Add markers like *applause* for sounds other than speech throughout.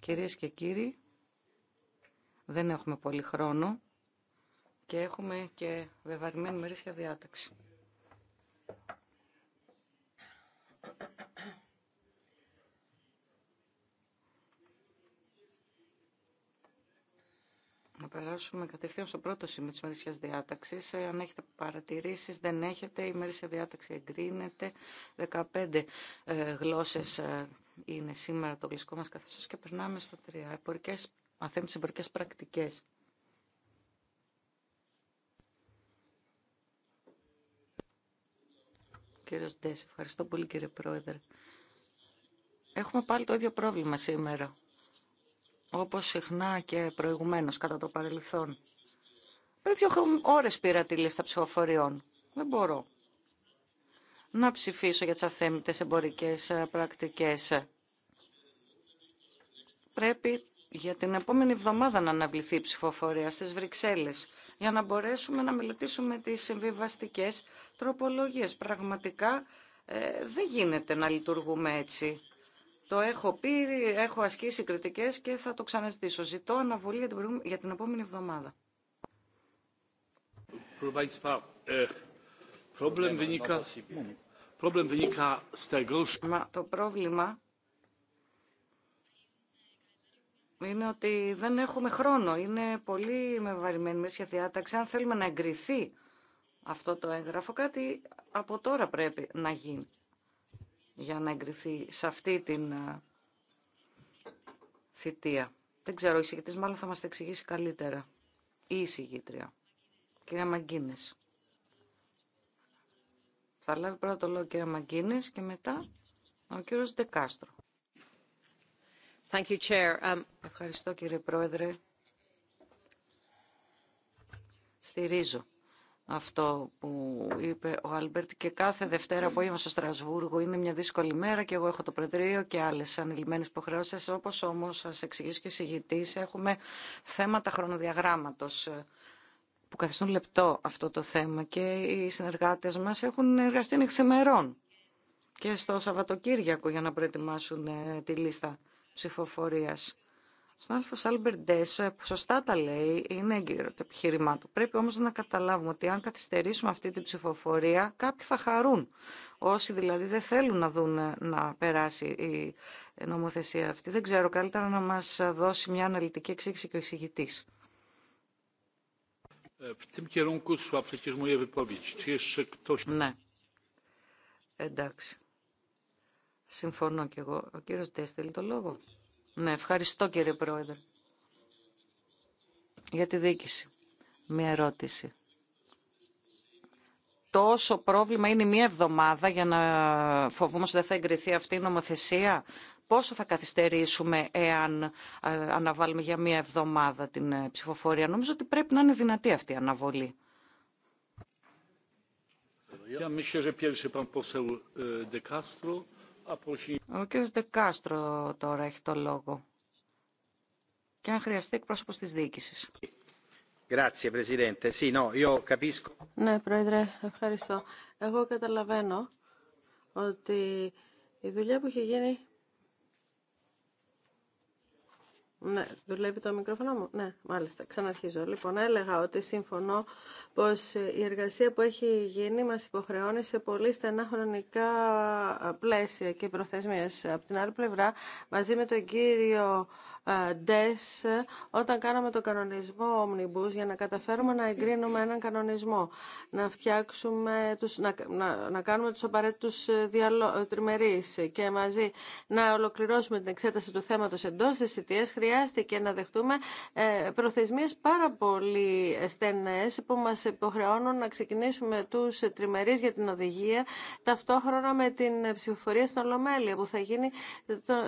Κυρίες και κύριοι, δεν έχουμε πολύ χρόνο και έχουμε και βεβαρημένη μερίσια διάταξη. περάσουμε κατευθείαν στο πρώτο σημείο της ημερήσιας διάταξης. Ε, αν έχετε παρατηρήσεις, δεν έχετε. Η ημερήσια διάταξη εγκρίνεται. 15 ε, γλώσσες ε, είναι σήμερα το γλυσκό μας καθεστώς και περνάμε στο 3. μαθαίνουμε τις εμπορικές πρακτικές. Κύριος Ντές, ευχαριστώ πολύ κύριε Πρόεδρε. Έχουμε πάλι το ίδιο πρόβλημα σήμερα όπως συχνά και προηγουμένως κατά το παρελθόν. Πριν δύο ώρες πήρα τη λίστα ψηφοφοριών. Δεν μπορώ να ψηφίσω για τις αθέμητες εμπορικές ε, πρακτικές. Πρέπει για την επόμενη εβδομάδα να αναβληθεί η ψηφοφορία στις Βρυξέλλες για να μπορέσουμε να μελετήσουμε τις συμβιβαστικές τροπολογίες. Πραγματικά ε, δεν γίνεται να λειτουργούμε έτσι. Το έχω πει, έχω ασκήσει κριτικές και θα το ξαναζητήσω. Ζητώ αναβολή για την, για την επόμενη εβδομάδα. E, το πρόβλημα είναι ότι δεν έχουμε χρόνο. Είναι πολύ μεβαρημένη μέσα διάταξη. Αν θέλουμε να εγκριθεί αυτό το έγγραφο, κάτι από τώρα πρέπει να γίνει για να εγκριθεί σε αυτή την ε, θητεία. Δεν ξέρω, Η εισηγητής μάλλον θα μας τα εξηγήσει καλύτερα. Ή η εισηγήτρια. Κυρία Μαγκίνες. Θα λάβει πρώτα το λόγο κυρία Μαγκίνες και μετά ο κύριος Δεκάστρο. you, Chair. Um, Ευχαριστώ κύριε Πρόεδρε. Στηρίζω αυτό που είπε ο Άλμπερτ και κάθε Δευτέρα απόγευμα στο Στρασβούργο είναι μια δύσκολη μέρα και εγώ έχω το Προεδρείο και άλλε ανηλυμένε υποχρεώσει. Όπω όμω σα εξηγήσει και ο συγητής, έχουμε θέματα χρονοδιαγράμματο ε, που καθιστούν λεπτό αυτό το θέμα και οι συνεργάτε μα έχουν εργαστεί νυχθημερών και στο Σαββατοκύριακο για να προετοιμάσουν ε, τη λίστα ψηφοφορίας. Στον Άλφο Άλμπερντε, που σωστά τα λέει, είναι έγκυρο το επιχείρημά του. Πρέπει όμω να καταλάβουμε ότι αν καθυστερήσουμε αυτή την ψηφοφορία, κάποιοι θα χαρούν. Όσοι δηλαδή δεν θέλουν να δουν να περάσει η νομοθεσία αυτή. Δεν ξέρω, καλύτερα να μα δώσει μια αναλυτική εξήγηση και ο εισηγητή. Ε, ναι. Εντάξει. Συμφωνώ κι εγώ. Ο κύριος Ντέ θέλει το λόγο. Ναι, ευχαριστώ κύριε Πρόεδρε. Για τη δίκηση. Μία ερώτηση. Τόσο πρόβλημα είναι μία εβδομάδα για να φοβούμαστε ότι δεν θα εγκριθεί αυτή η νομοθεσία. Πόσο θα καθυστερήσουμε εάν ε, αναβάλουμε για μία εβδομάδα την ε, ψηφοφορία. Νομίζω ότι πρέπει να είναι δυνατή αυτή η αναβολή. Ja myślę, że ο κ. Δεκάστρο τώρα έχει το λόγο. Και αν χρειαστεί εκπρόσωπο τη διοίκηση. Ναι, Πρόεδρε, ευχαριστώ. Εγώ καταλαβαίνω ότι η δουλειά που έχει γίνει Ναι, δουλεύει το μικρόφωνο μου. Ναι, μάλιστα. Ξαναρχίζω. Λοιπόν, έλεγα ότι συμφωνώ πως ε, η εργασία που έχει γίνει μας υποχρεώνει σε πολύ στενά χρονικά πλαίσια και προθεσμίες. Από την άλλη πλευρά, μαζί με τον κύριο ε, όταν κάναμε το κανονισμό Omnibus για να καταφέρουμε να εγκρίνουμε έναν κανονισμό, να, φτιάξουμε τους, να, να, κάνουμε τους απαραίτητους ε, ε, τριμερείς και μαζί να ολοκληρώσουμε την εξέταση του θέματος εντός της ΙΤΕΣ, χρειάστηκε να δεχτούμε προθεσμίες πάρα πολύ στενές που μας υποχρεώνουν να ξεκινήσουμε τους τριμερείς για την οδηγία ταυτόχρονα με την ψηφοφορία στο Ολομέλεια που θα γίνει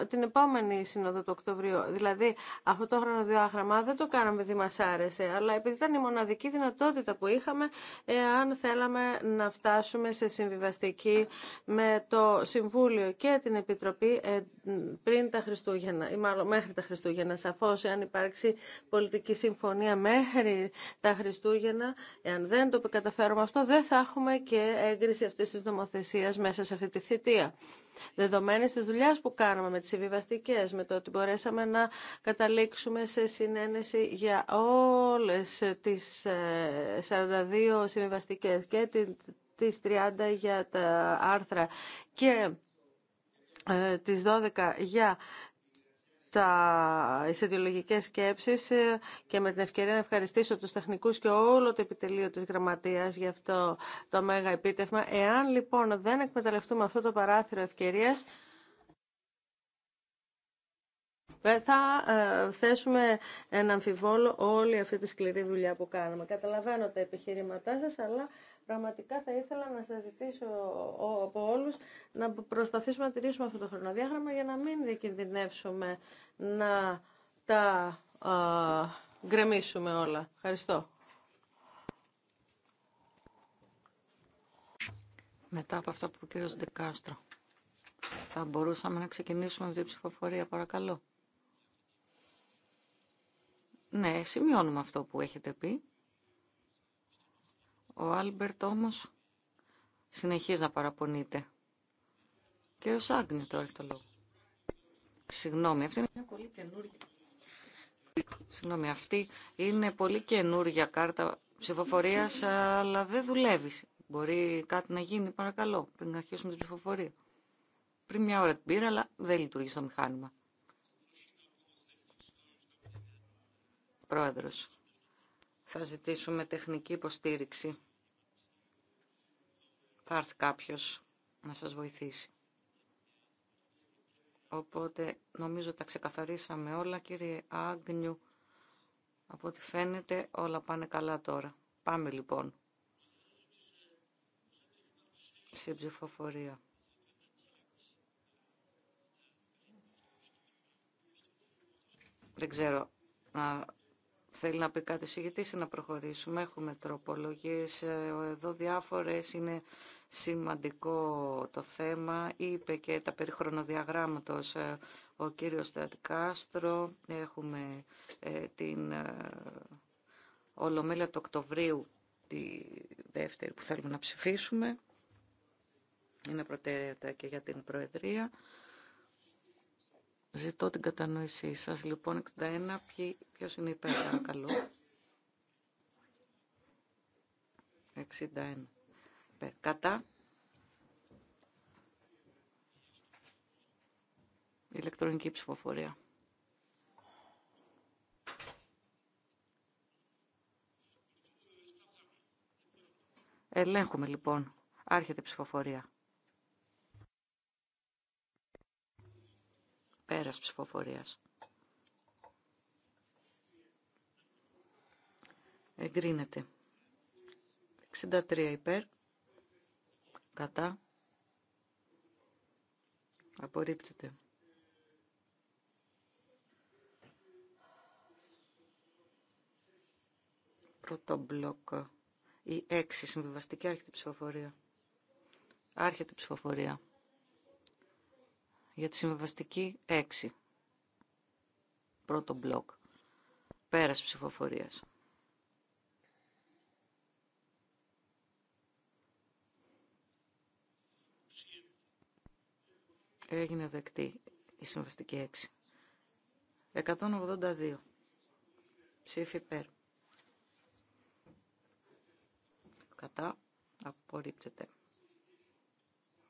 την επόμενη σύνοδο του Οκτωβρίου. Δηλαδή, Δηλαδή αυτό το χρονοδιάγραμμα δεν το κάναμε επειδή μα άρεσε, αλλά επειδή ήταν η μοναδική δυνατότητα που είχαμε εάν θέλαμε να φτάσουμε σε συμβιβαστική με το Συμβούλιο και την Επιτροπή ε, πριν τα Χριστούγεννα ή μάλλον μέχρι τα Χριστούγεννα. σαφώ εάν υπάρξει πολιτική συμφωνία μέχρι τα Χριστούγεννα, εάν δεν το καταφέρουμε αυτό, δεν θα έχουμε και έγκριση αυτή τη νομοθεσία μέσα σε αυτή τη θητεία. Δεδομένε τη δουλειά που κάναμε με τις συμβιβαστικέ, με το ότι μπορέσαμε να καταλήξουμε σε συνένεση για όλες τις 42 ε, συμβιβαστικέ και τις 30 για τα άρθρα και ε, τις 12 για τα εισαιτιολογικέ σκέψει ε, και με την ευκαιρία να ευχαριστήσω του τεχνικούς και όλο το επιτελείο της γραμματεία για αυτό το μέγα επίτευγμα. Εάν λοιπόν δεν εκμεταλλευτούμε αυτό το παράθυρο ευκαιρία, ε, θα ε, θέσουμε ένα αμφιβόλο όλη αυτή τη σκληρή δουλειά που κάνουμε. Καταλαβαίνω τα επιχειρήματά σας, αλλά Πραγματικά θα ήθελα να σας ζητήσω από όλους να προσπαθήσουμε να τηρήσουμε αυτό το χρονοδιάγραμμα για να μην διακινδυνεύσουμε να τα α, γκρεμίσουμε όλα. Ευχαριστώ. Μετά από αυτά που ο κύριος Δεκάστρο, θα μπορούσαμε να ξεκινήσουμε με την ψηφοφορία, παρακαλώ. Ναι, σημειώνουμε αυτό που έχετε πει. Ο Άλμπερτ όμως συνεχίζει να παραπονείται. Κύριος Άγνη τώρα έχει το λόγο. Συγγνώμη, αυτή είναι μια πολύ καινούργια. Συγγνώμη, αυτή είναι πολύ καινούργια κάρτα ψηφοφορίας, αλλά δεν δουλεύει. Μπορεί κάτι να γίνει, παρακαλώ, πριν αρχίσουμε την ψηφοφορία. Πριν μια ώρα την πήρα, αλλά δεν λειτουργεί στο μηχάνημα. Πρόεδρος, θα ζητήσουμε τεχνική υποστήριξη θα έρθει κάποιος να σας βοηθήσει. Οπότε νομίζω τα ξεκαθαρίσαμε όλα κύριε Άγνιου. Από ό,τι φαίνεται όλα πάνε καλά τώρα. Πάμε λοιπόν στην ψηφοφορία. Δεν ξέρω να Θέλει να πει κάτι ο ή να προχωρήσουμε. Έχουμε τροπολογίες. Ε, εδώ διάφορες είναι σημαντικό το θέμα. Είπε και τα περί χρονοδιαγράμματος ε, ο κύριος Κάστρο. Έχουμε ε, την Ολομέλεια του Οκτωβρίου τη δεύτερη που θέλουμε να ψηφίσουμε. Είναι προτεραιότητα και για την Προεδρία. Ζητώ την κατανόησή σας. Λοιπόν, 61, ποιο ποιος είναι υπέρ, παρακαλώ. 61. Κατά. Ηλεκτρονική ψηφοφορία. Ελέγχουμε λοιπόν. Άρχεται η ψηφοφορία. Πέρας ψηφοφορία. Εγκρίνεται. 63 υπέρ. Κατά. Πρώτο μπλοκ ή 6 συμβιβαστική άρχεται ψηφοφορία. Άρχεται ψηφοφορία για τη συμβιβαστική 6. Πρώτο μπλοκ. Πέρας ψηφοφορίας. Έγινε δεκτή η συμβαστική 6. 182. Ψήφι υπέρ. Κατά. Απορρίπτεται.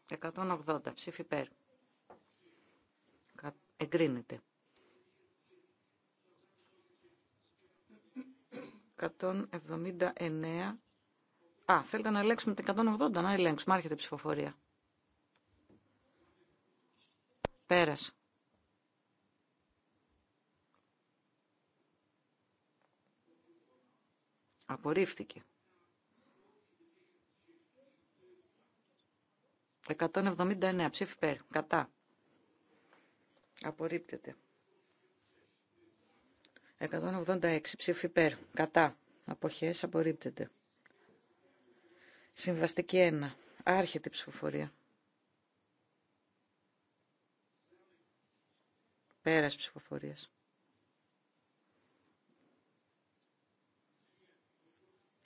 180. Ψήφι υπέρ. Εγκρίνεται. 179. Α, θέλετε να ελέγξουμε την 180, να ελέγξουμε. Άρχεται η ψηφοφορία. Πέρασε. Απορρίφθηκε. 179 ψήφι πέρι Κατά. Απορρίπτεται. 186 ψήφι υπέρ. Κατά. Αποχές απορρίπτεται. Συμβαστική 1. Άρχεται η ψηφοφορία. Πέρας ψηφοφορίας.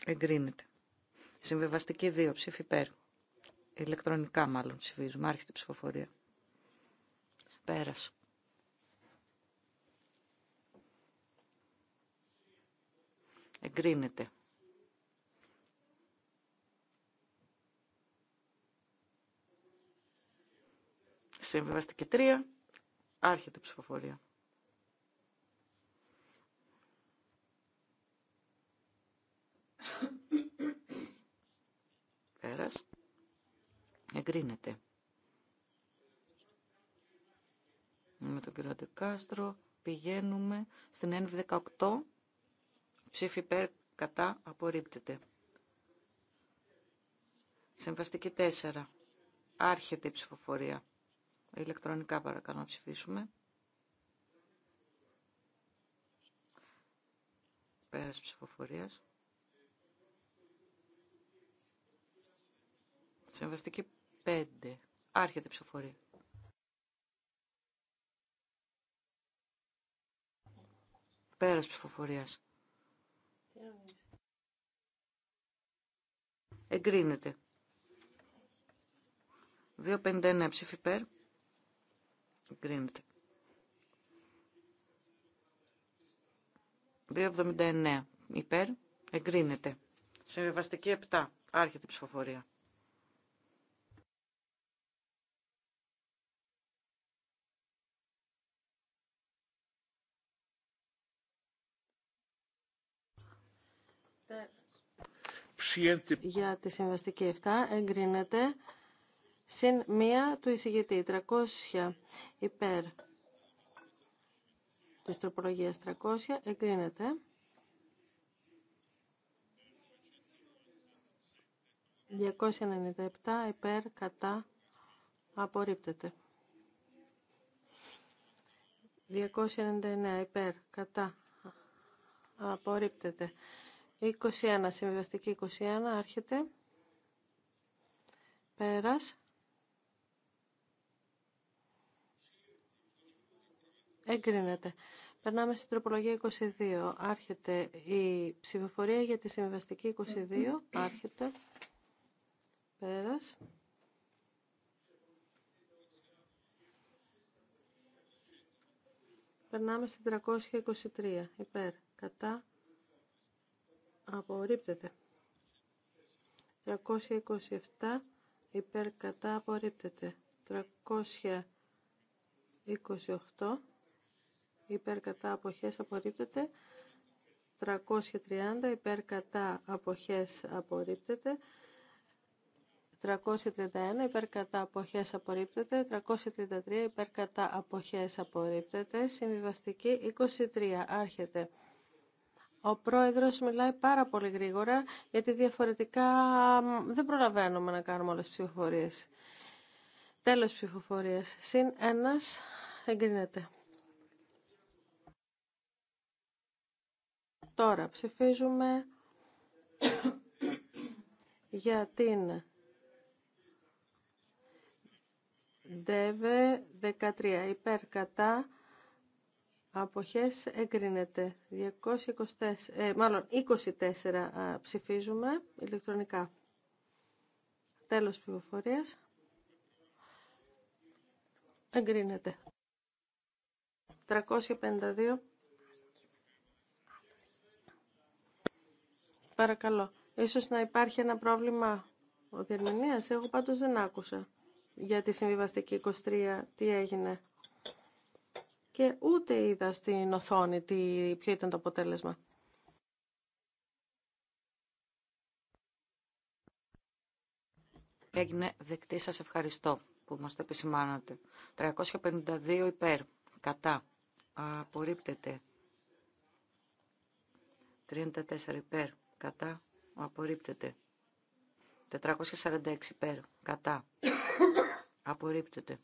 Εγκρίνεται. Συμβεβαστική 2. Ψήφι υπέρ. Ηλεκτρονικά μάλλον ψηφίζουμε. Άρχεται η ψηφοφορία. Πέρας. Εγκρίνεται. και τρία. Άρχεται η ψηφοφορία. Πέρας. Εγκρίνεται. Με τον κύριο Αντεκάστρο πηγαίνουμε στην ΕΝΒ Ψήφι περ κατά απορρίπτεται. Συμβαστική 4. Άρχεται η ψηφοφορία. Ηλεκτρονικά παρακαλώ να ψηφίσουμε. Πέρας ψηφοφορίας. Συμβαστική 5. Άρχεται η ψηφοφορία. Πέρας ψηφοφορίας. Εγκρίνεται. 2.51 ψήφι υπέρ. Εγκρίνεται. 2.79 υπέρ. Εγκρίνεται. Συμβιβαστική 7. Άρχεται η ψηφοφορία. Για τη συμβαστική 7 εγκρίνεται συν μία του εισηγητή 300 υπέρ της τροπολογίας 300 εγκρίνεται. ...297 υπέρ κατά απορρίπτεται. 299 υπέρ κατά απορρίπτεται. 21, συμβιβαστική 21, άρχεται. Πέρας. Εγκρίνεται. Περνάμε στην τροπολογία 22. Άρχεται η ψηφοφορία για τη συμβιβαστική 22. Άρχεται. Πέρας. Περνάμε στην 323. Υπέρ. Κατά απορρίπτεται. 327 υπέρ κατά απορρίπτεται. 328 υπέρ κατά αποχές απορρίπτεται. 330 υπέρ κατά αποχές απορρίπτεται. 331 υπέρ κατά αποχές απορρίπτεται, 333 υπέρ κατά αποχές απορρίπτεται, συμβιβαστική 23 άρχεται. Ο πρόεδρος μιλάει πάρα πολύ γρήγορα, γιατί διαφορετικά δεν προλαβαίνουμε να κάνουμε όλες τις ψηφοφορίες. Τέλος ψηφοφορίας. Συν ένας εγκρίνεται. Τώρα ψηφίζουμε για την ΔΕΒΕ 13 υπέρ κατά Αποχές εγκρίνεται. 224, ε, μάλλον 24 ψηφίζουμε ηλεκτρονικά. Τέλος πληροφορίας. Εγκρίνεται. 352. Παρακαλώ. Ίσως να υπάρχει ένα πρόβλημα ο διερμηνίας. Εγώ πάντως δεν άκουσα για τη συμβιβαστική 23 τι έγινε και ούτε είδα στην οθόνη τι, ποιο ήταν το αποτέλεσμα. Έγινε δεκτή, σας ευχαριστώ που μας το επισημάνατε. 352 υπέρ, κατά, απορρίπτεται. 34 υπέρ, κατά, απορρίπτεται. 446 υπέρ, κατά, απορρίπτεται.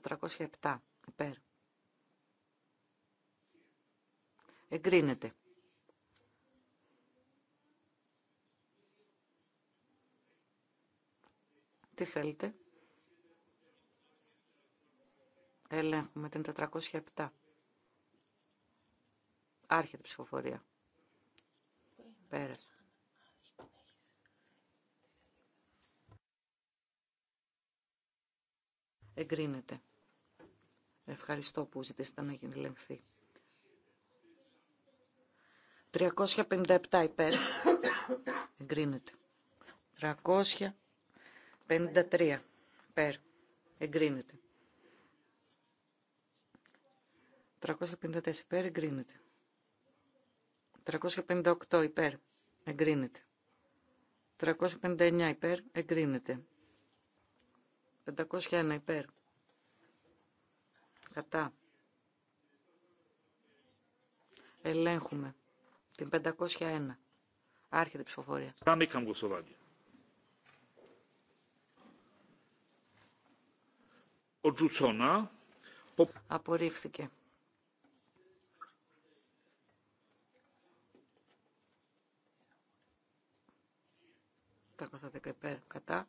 407 υπέρ. Εγκρίνεται. Τι θέλετε. Ελέγχουμε την 407. Άρχεται η ψηφοφορία. Πέρασε. εγκρίνεται. Ευχαριστώ που ζητήσατε να γίνει λεγχθή. 357 υπέρ. Εγκρίνεται. 353 υπέρ. Εγκρίνεται. 354 υπέρ. Εγκρίνεται. 358 υπέρ. Εγκρίνεται. 359 υπέρ. Εγκρίνεται. 501 υπέρ. Κατά. Ελέγχουμε την 501. Άρχεται η ψηφοφορία. Απορρίφθηκε. Τα υπέρ. Κατά.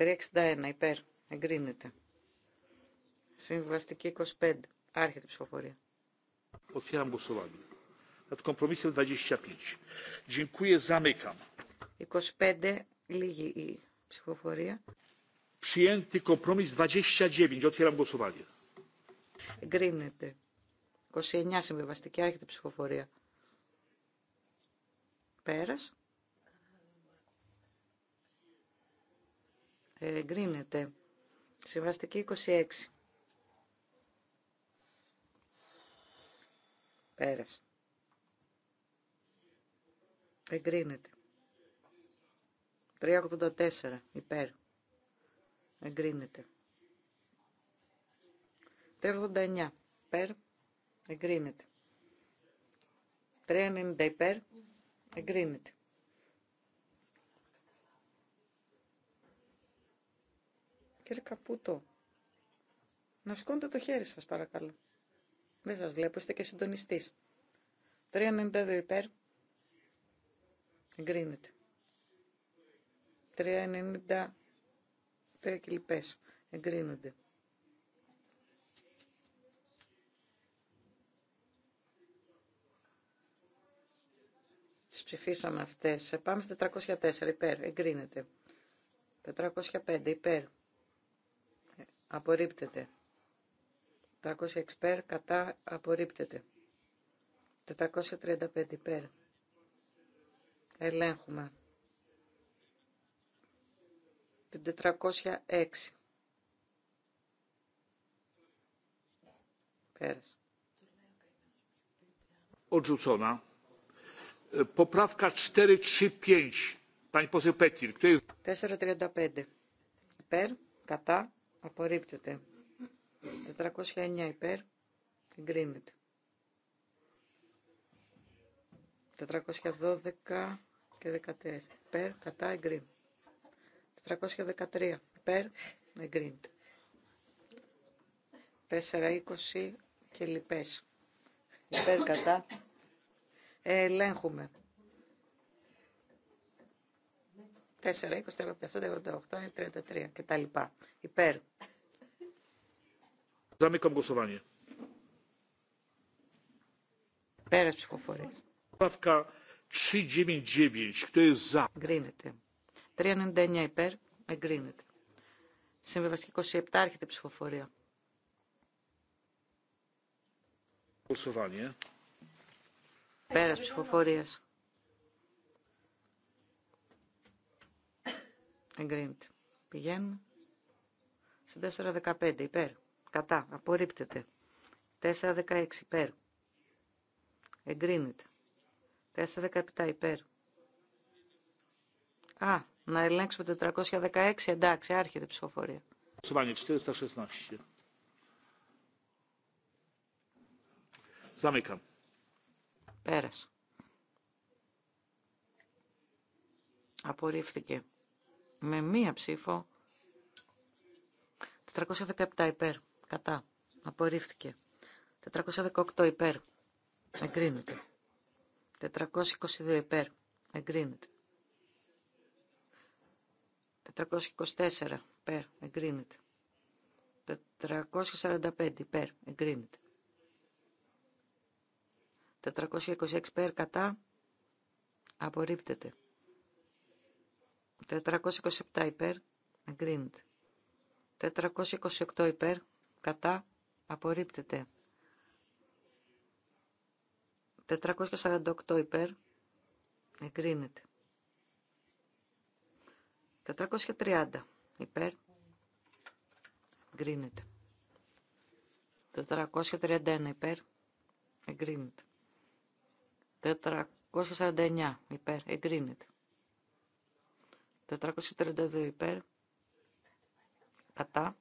361 υπέρ. Εγκρίνεται. Συμβαστική 25. Άρχεται η ψηφοφορία. 25. λίγη η ψηφοφορία. 29. Εγκρίνεται. 29 συμβιβαστική. Άρχεται η ψηφοφορία. Πέρας. εγκρίνεται. Συμβαστική 26. Πέρασε. Εγκρίνεται. 384 υπέρ. Εγκρίνεται. 389 υπέρ. Εγκρίνεται. 390 υπέρ. Εγκρίνεται. Κύριε Καπούτο, να σηκώνετε το χέρι σας παρακαλώ. Δεν σας βλέπω, είστε και συντονιστής. 3,92 υπέρ. Εγκρίνεται. 3,90 υπέρ και λοιπές. Εγκρίνονται. Τις ψηφίσαμε αυτές. Πάμε στα 404 υπέρ. Εγκρίνεται. 405 υπέρ απορρίπτεται. 406 πέρ κατά απορρίπτεται. 435 πέρ. Ελέγχουμε. Την 406. Πέρασε. Odrzucona. Ε, Poprawka 435. Pani poseł Petir. jest... 435. κατά, Απορρίπτεται. 409 υπέρ. Εγκρίνεται. 412 και 14. Υπέρ, κατά, εγκρίνεται. 413 υπέρ, εγκρίνεται. 420 και λοιπές. Υπέρ, κατά. Ε, ελέγχουμε. 4, 20, 87, 88, 33 κτλ. Υπέρ. Zamykam głosowanie. Πέρας ψηφοφορίες. Παύκα 399, Εγκρίνεται. 399 υπέρ, εγκρίνεται. Συμβεβαστική 27, αρχεται ψηφοφορία. Πέρα Πέρας ψηφοφορίας. Εγκρίνεται. Πηγαίνουμε. Στην 4.15 υπέρ. Κατά. Απορρίπτεται. 4.16 υπέρ. Εγκρίνεται. 4.17 υπέρ. Α, να ελέγξουμε 416. Εντάξει, άρχεται η ψηφοφορία. Σουβάνι 416. Πέρασε. Απορρίφθηκε με μία ψήφο 417 υπέρ. Κατά. Απορρίφθηκε. 418 υπέρ. Εγκρίνεται. 422 υπέρ. Εγκρίνεται. 424 υπέρ. Εγκρίνεται. 445 υπέρ. Εγκρίνεται. 426 υπέρ. Κατά. Απορρίπτεται. 427 υπέρ, εγκρίνεται. 428 υπέρ, κατά, απορρίπτεται. 448 υπέρ, εγκρίνεται. 430 υπέρ, εγκρίνεται. 431 υπέρ, εγκρίνεται. 449 υπέρ, εγκρίνεται. 432 υπέρ. Κατά.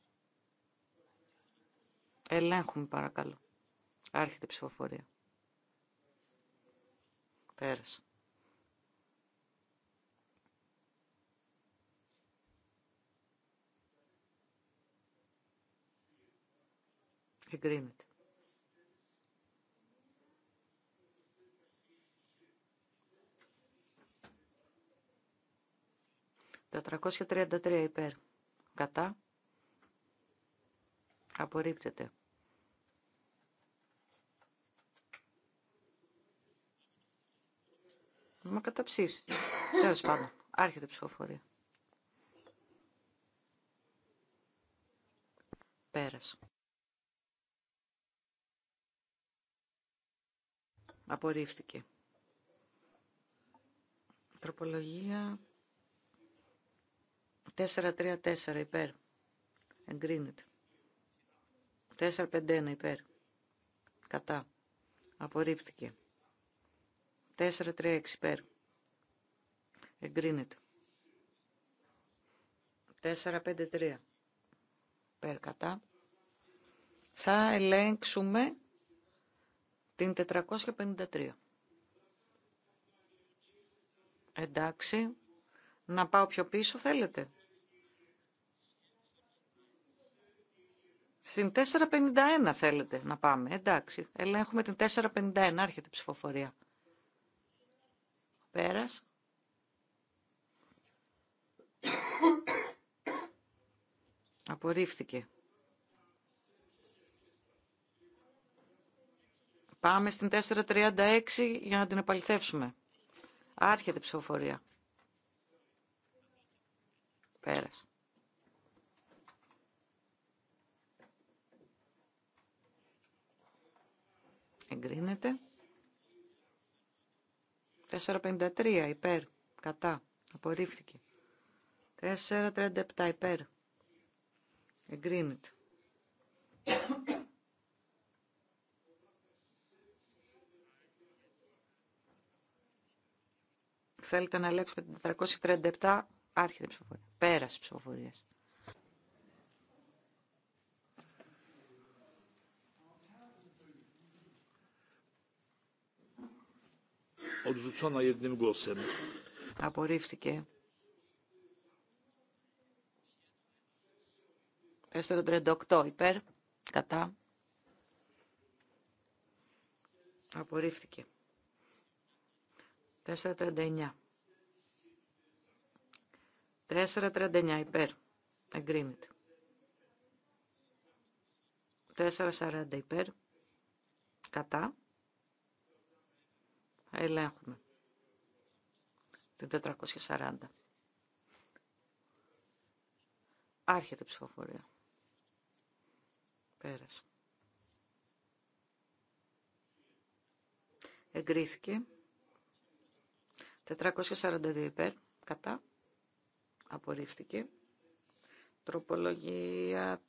Ελέγχουμε παρακαλώ. Άρχεται η ψηφοφορία. Πέρασε. Εγκρίνεται. 433 υπέρ. Κατά. Απορρίπτεται. Μα καταψήφισε. Τέλο πάντων. Άρχεται η ψηφοφορία. Πέρασε. Απορρίφθηκε. Τροπολογία 4-3-4 υπέρ. Εγκρίνεται. 4-5-1 υπέρ. Κατά. απορριπτηκε 4 4-3-6 υπέρ. Εγκρίνεται. 4-5-3 υπέρ. Κατά. Θα ελέγξουμε την 453. Εντάξει. Να πάω πιο πίσω θέλετε. Στην 451 θέλετε να πάμε. Εντάξει, ελέγχουμε την 451. Άρχεται η ψηφοφορία. Πέρας. Απορρίφθηκε. Πάμε στην 436 για να την επαληθεύσουμε. Άρχεται η ψηφοφορία. Πέρας. εγκρίνεται. 453 υπέρ, κατά, απορρίφθηκε. 437 υπέρ, εγκρίνεται. θέλετε να ελέγξουμε την 437, άρχεται ψηφοφορία. Πέραση ψηφοφορία. odrzucona jednym głosem. Απορρίφθηκε. 438 υπέρ, κατά. Απορρίφθηκε. 439. 439 υπέρ. Εγκρίνεται. 440 υπέρ. Κατά. Ελέγχουμε. Την 440. Άρχεται η ψηφοφορία. Πέρασε. Εγκρίθηκε. 442 υπέρ. Κατά. Απορρίφθηκε. Τροπολογία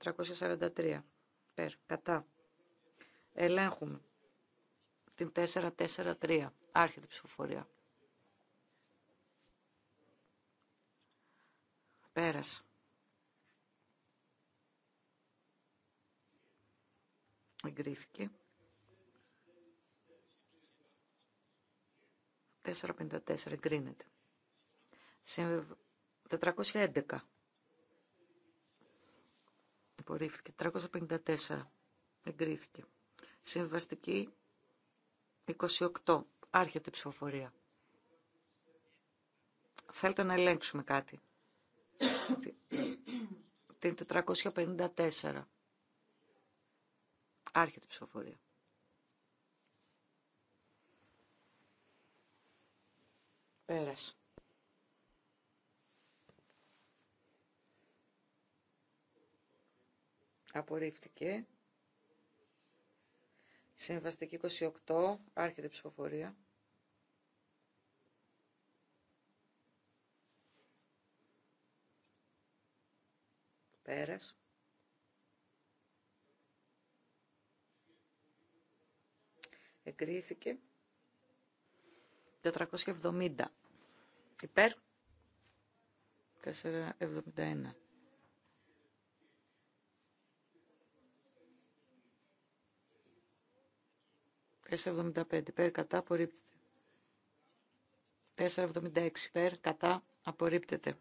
443. Περ. Κατά. Ελέγχουμε την 443. Άρχεται η ψηφοφορία. Πέρασε. Εγκρίθηκε. 454 εγκρίνεται. 411. Υπορρίφθηκε. 354 εγκρίθηκε. Συμβαστική 28. Άρχεται η ψηφοφορία. Θέλετε να ελέγξουμε κάτι. Την 454. Άρχεται η ψηφοφορία. Πέρασε. Απορρίφθηκε. Συμβαστική 28, άρχεται η ψηφοφορία. Πέρας. Εγκρίθηκε. 470. Υπέρ. 471. 4,75 υπέρ κατά απορρίπτεται. 4,76 υπέρ κατά απορρίπτεται.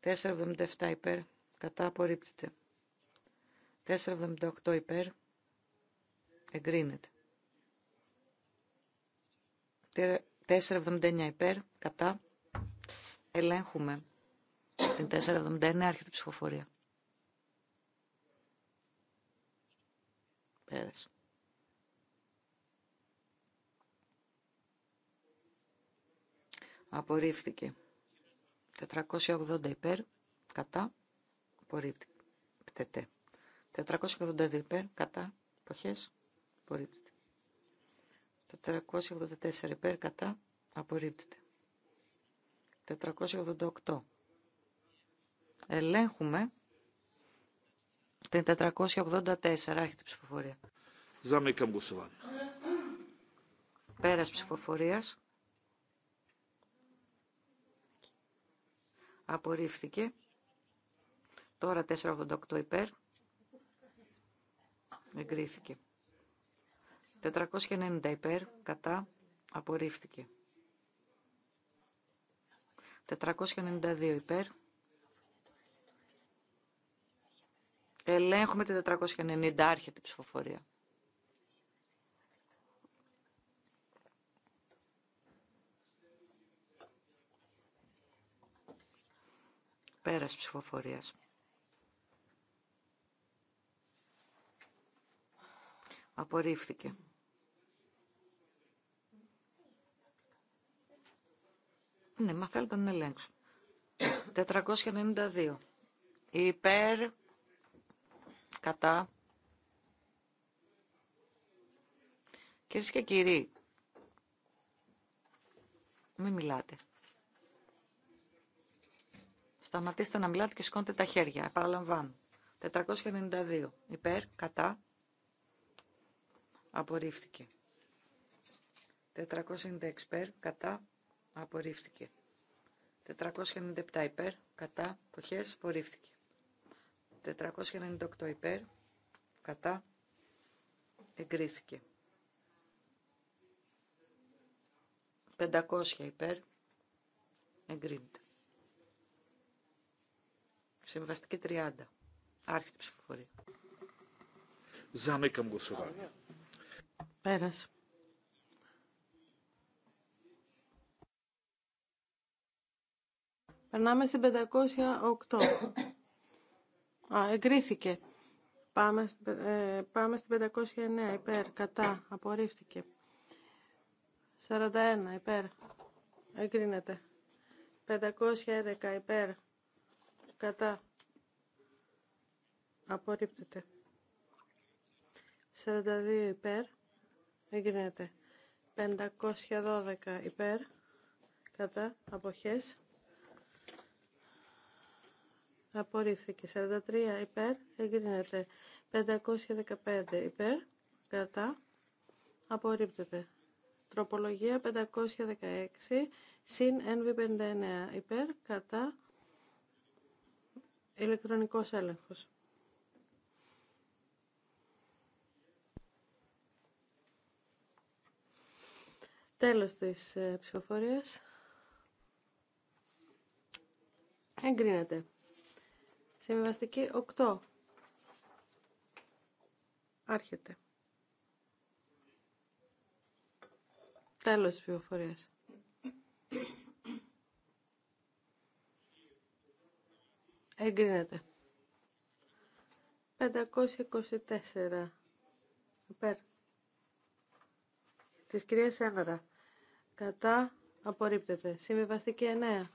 4,77 υπέρ κατά απορρίπτεται. 4,78 υπέρ εγκρίνεται. 4,79 υπέρ κατά ελέγχουμε την 4,79 άρχεται ψηφοφορία. Πέρασε. Απορρίφθηκε. 480 υπέρ. Κατά. Απορρίπτεται. 482 υπέρ. Κατά. Εποχές. Απορρίπτεται. 484 υπέρ. Κατά. Απορρίπτεται. 488. Ελέγχουμε την 484. Άρχεται η ψηφοφορία. Πέρας ψηφοφορίας. απορρίφθηκε. Τώρα 488 υπέρ. Εγκρίθηκε. 490 υπέρ, κατά, απορρίφθηκε. 492 υπέρ. Ελέγχουμε τη 490 άρχεται η ψηφοφορία. Πέρας ψηφοφορίας. Απορρίφθηκε. Ναι, μα θέλετε να ελέγξω. 492. Υπέρ, κατά. Κυρίες και κύριοι, μην μιλάτε. Σταματήστε να μιλάτε και σηκώνετε τα χέρια. Επαναλαμβάνω. 492. Υπέρ, κατά. Απορρίφθηκε. 496 υπέρ, κατά. Απορρίφθηκε. 497 υπέρ, κατά. ποχές, απορρίφθηκε. 498 υπέρ, κατά. Εγκρίθηκε. 500 υπέρ, εγκρίνεται. Συμβαστική 30. Άρχεται ψηφοφορία. Zamykam μου Πέρας. Περνάμε στην 508. Α, εγκρίθηκε. Πάμε, ε, πάμε στην 509, υπέρ, κατά, απορρίφθηκε. 41, υπέρ, εγκρίνεται. 511, υπέρ, κατά απορρίπτεται 42 υπέρ εγκρίνεται 512 υπέρ κατά αποχές απορρίφθηκε 43 υπέρ εγκρίνεται 515 υπέρ κατά απορρίπτεται τροπολογία 516 συν NV59 υπέρ κατά Ηλεκτρονικός έλεγχος. Τέλος της ε, ψηφοφορίας. Εγκρίνεται. Συμβαστική 8. Άρχεται. Τέλος της ψηφοφορίας. Εγκρίνεται. 524 υπέρ της κυρίας Ένωρα. Κατά απορρίπτεται. Συμβιβαστική 9.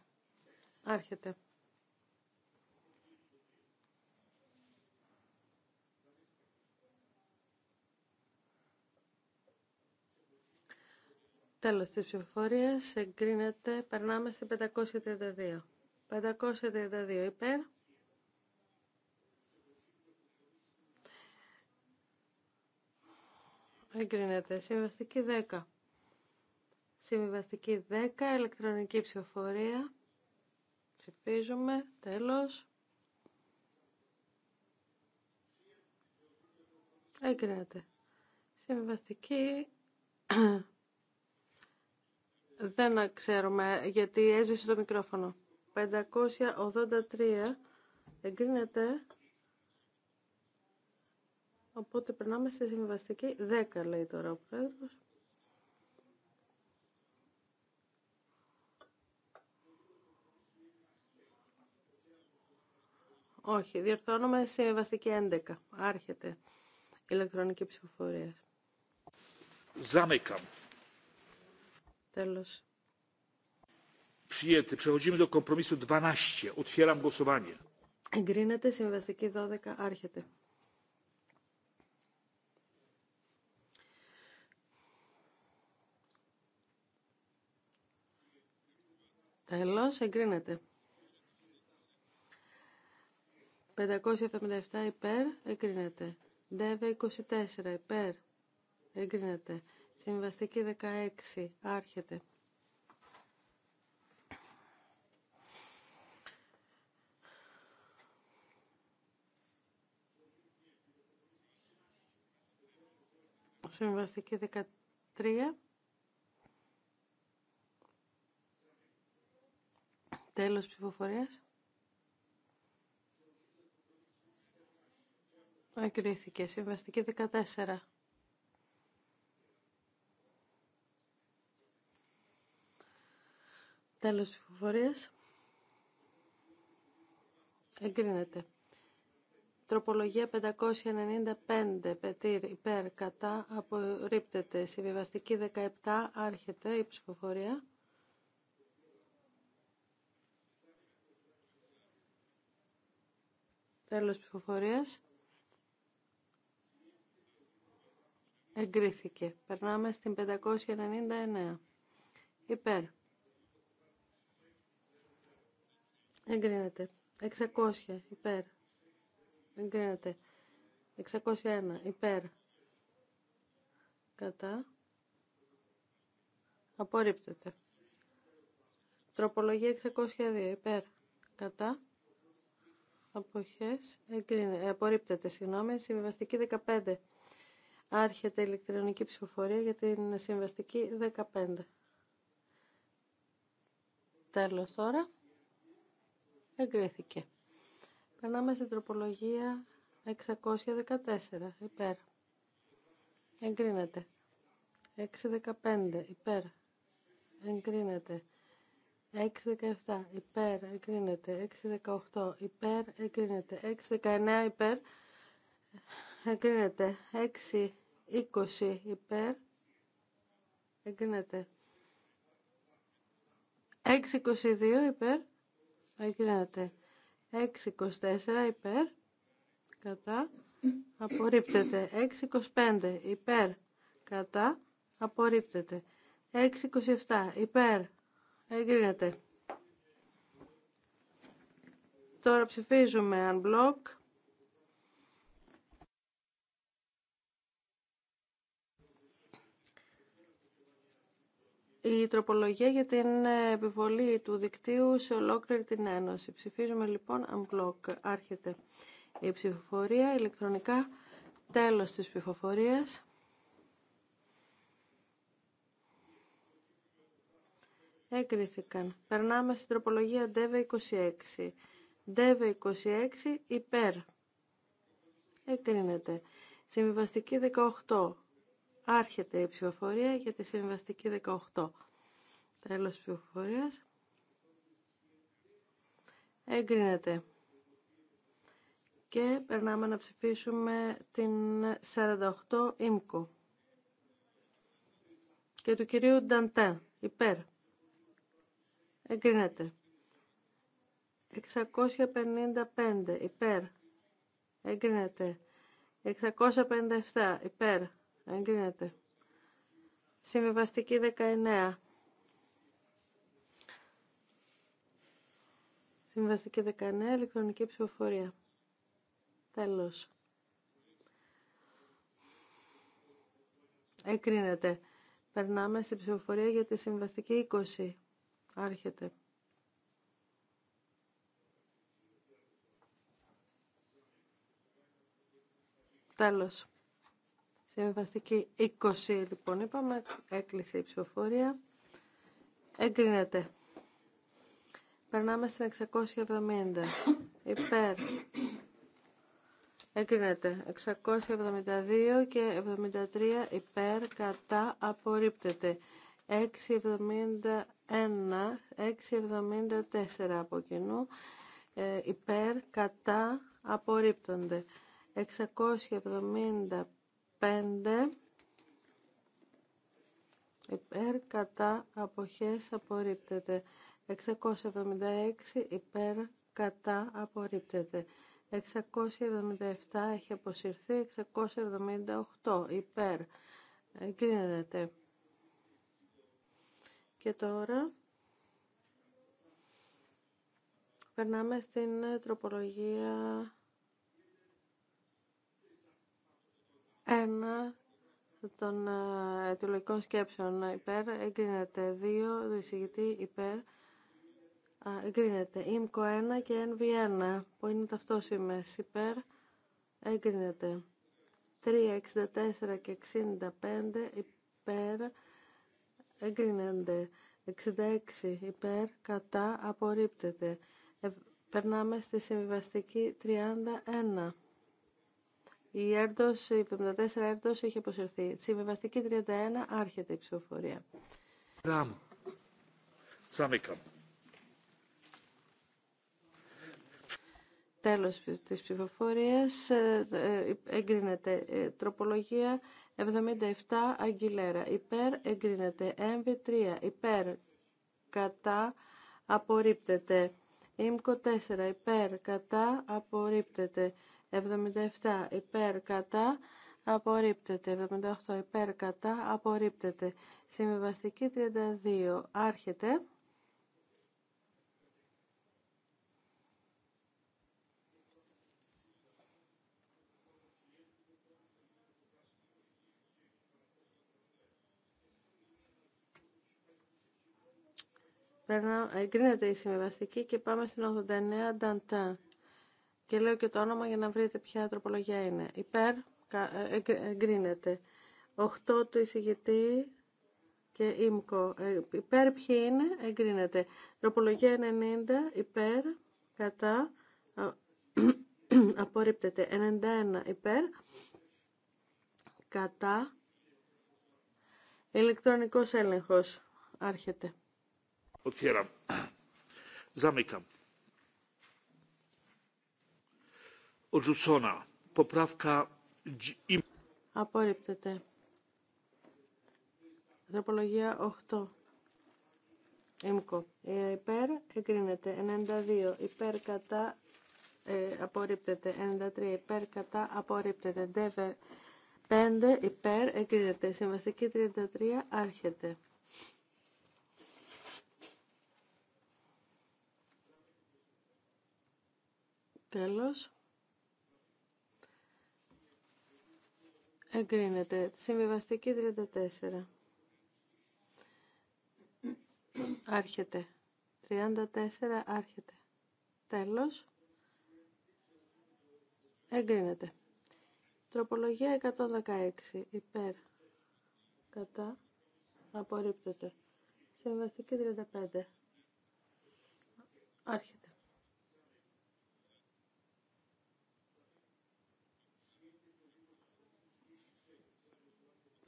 Άρχεται. Τέλος της ψηφοφορίας εγκρίνεται. Περνάμε στην 532. 532 υπέρ. Εγκρίνεται. Συμβαστική 10. Συμβιβαστική 10, ηλεκτρονική ψηφοφορία. Ψηφίζουμε. Τέλος. Εγκρίνεται. Συμβιβαστική... *clears throat* Δεν ξέρουμε γιατί έσβησε το μικρόφωνο. 583 εγκρίνεται. Οπότε περνάμε στη συμβαστική 10 λέει τώρα ο πρόεδρος. Όχι, διορθώνουμε σε συμβιβαστική 11. Άρχεται ηλεκτρονική ψηφοφορία. Τέλο. Τέλος. Przyjęty. Przechodzimy do kompromisu 12. Otwieram głosowanie. Εγκρίνεται συμβαστική 12. Άρχεται. Τέλος, εγκρίνεται. 577 υπέρ, εγκρίνεται. ΔΕΒΕ 24 υπέρ, εγκρίνεται. Συμβαστική 16, άρχεται. Συμβαστική 13. Τέλος ψηφοφορίας. ακριβήθηκε. Συμβαστική 14. Τέλος ψηφοφορίας. Εγκρίνεται. Τροπολογία 595. Πετήρ υπέρ κατά απορρίπτεται. Συμβιβαστική 17. Άρχεται η ψηφοφορία. Τέλος ψηφοφορίας. Εγκρίθηκε. Περνάμε στην 599. Υπέρ. Εγκρίνεται. 600. Υπέρ εγκρίνεται. 601 υπέρ κατά απορρίπτεται. Τροπολογία 602 υπέρ κατά αποχές ε, απορρίπτεται. Συγγνώμη, συμβαστική 15. Άρχεται ηλεκτρονική ψηφοφορία για την συμβαστική 15. Τέλος τώρα. Εγκρίθηκε. Περνάμε στην τροπολογία 614 υπέρ. Εγκρίνεται. 615 υπέρ. Εγκρίνεται. 617 υπέρ. Εγκρίνεται. 618 υπέρ. Εγκρίνεται. 619 υπέρ. Εγκρίνεται. 620 υπέρ. Εγκρίνεται. 622 υπέρ. Εγκρίνεται. 6.24 υπέρ κατά απορρίπτεται 6.25 υπέρ κατά απορρίπτεται 6.27 υπέρ εγκρίνεται τώρα ψηφίζουμε unblock η τροπολογία για την ε, επιβολή του δικτύου σε ολόκληρη την Ένωση. Ψηφίζουμε λοιπόν unblock. Άρχεται η ψηφοφορία ηλεκτρονικά. Τέλος της ψηφοφορίας. Εγκρίθηκαν. Περνάμε στην τροπολογία DV26. DV26 υπέρ. Έκρινεται. Συμβιβαστική 18. Άρχεται η ψηφοφορία για τη συμβαστική 18. Τέλος της ψηφοφορίας. Εγκρίνεται. Και περνάμε να ψηφίσουμε την 48 ΙΜΚΟ. Και του κυρίου Νταντέ, υπέρ. Εγκρίνεται. 655 υπέρ. Εγκρίνεται. 657 υπέρ εγκρίνεται. Συμβιβαστική 19. Συμβαστική 19, ηλεκτρονική ψηφοφορία. Τέλος. Εκρίνεται. Περνάμε στη ψηφοφορία για τη συμβαστική 20. Άρχεται. Τέλος. Συμβαστική 20 λοιπόν είπαμε, έκλεισε η ψηφοφορία. Εγκρίνεται. Περνάμε στην 670. Υπέρ. Εγκρίνεται. 672 και 73 υπέρ κατά απορρίπτεται. 671, 674 από κοινού ε, υπέρ κατά απορρίπτονται. 675 υπέρ κατά αποχές απορρίπτεται. 676 υπέρ κατά απορρίπτεται. 677 έχει αποσυρθεί. 678 υπέρ εγκρίνεται. Και τώρα περνάμε στην τροπολογία Ένα των ε, αιτιολογικών σκέψεων υπέρ εγκρίνεται. 2 το εισηγητή υπέρ εγκρίνεται. Ήμκο 1 και NV1 που είναι ταυτόσημες υπέρ εγκρίνεται. 3, 64 και 65 υπέρ εγκρίνεται 66 υπέρ κατά απορρίπτεται. Ε, περνάμε στη συμβιβαστική 31 η έρτος, η 74 έρτος, έχει αποσυρθεί. Συμβεβαστική 31 άρχεται η ψηφοφορία. Τέλος της ψηφοφορίας ε, ε, εγκρίνεται ε, τροπολογία 77 Αγγιλέρα. Υπέρ εγκρίνεται MV3. Υπέρ κατά απορρίπτεται. Υμκο, 4. Υπέρ κατά απορρίπτεται. 77 υπέρ κατά απορρίπτεται. 78 υπέρ κατά απορρίπτεται. Συμβιβαστική 32 άρχεται. Εγκρίνεται η συμβιβαστική και πάμε στην 89 Νταντά. Και λέω και το όνομα για να βρείτε ποια τροπολογία είναι. Υπέρ, ε, εγκρίνεται. 8 του εισηγητή και ΙΜΚΟ. Ε, υπέρ ποιοι είναι, εγκρίνεται. Τροπολογία 90, υπέρ, κατά, *clears throat* απορρίπτεται. 91, υπέρ, κατά, ηλεκτρονικός έλεγχος. Άρχεται. Οτιέρα, *clears throat* Odrzucona. Poprawka... Απορρίπτεται. Τροπολογία 8. Ήμκο. Ε, υπέρ εγκρίνεται. 92. Υπέρ κατά ε, απορρίπτεται. 93. Υπέρ κατά απορρίπτεται. Δεύε 5. Υπέρ εγκρίνεται. Συμβαστική 33. Άρχεται. Τέλος. Εγκρίνεται. Συμβιβαστική 34. Άρχεται. 34 άρχεται. Τέλος. Εγκρίνεται. Τροπολογία 116. Υπέρ. Κατά. Απορρίπτεται. Συμβαστική 35. Άρχεται.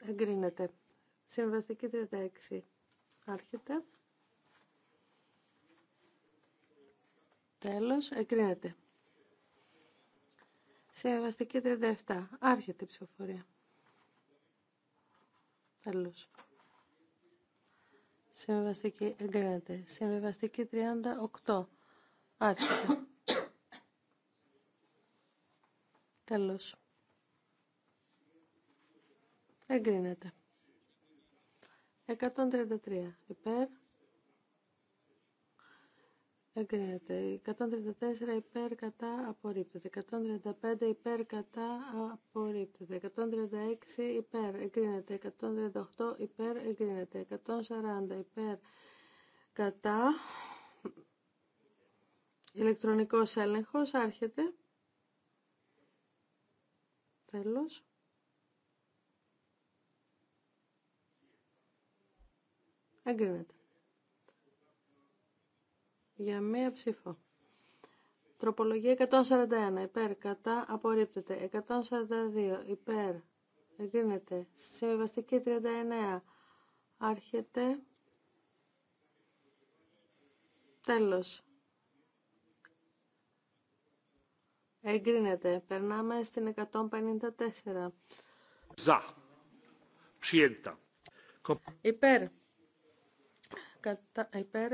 εγκρίνεται. Συμβαστική 36 άρχεται. Τέλος, εγκρίνεται. Συμβαστική 37 άρχεται η ψηφοφορία. Τέλος. Συμβαστική εγκρίνεται. Συμβαστική 38 άρχεται. *coughs* Τέλος. Εγκρίνεται. 133 υπέρ. Εγκρίνεται. 134 υπέρ κατά απορρίπτεται. 135 υπέρ κατά απορρίπτεται. 136 υπέρ εγκρίνεται. 138 υπέρ εγκρίνεται. 140 υπέρ κατά. Ηλεκτρονικός έλεγχος άρχεται. Τέλος. Εγκρίνεται. Για μία ψήφο. Τροπολογία 141. Υπέρ. Κατά. Απορρίπτεται. 142. Υπέρ. Εγκρίνεται. Συμβιβαστική 39. Άρχεται. Τέλος. Εγκρίνεται. Περνάμε στην 154. Ζα. Υπέρ κατά, υπέρ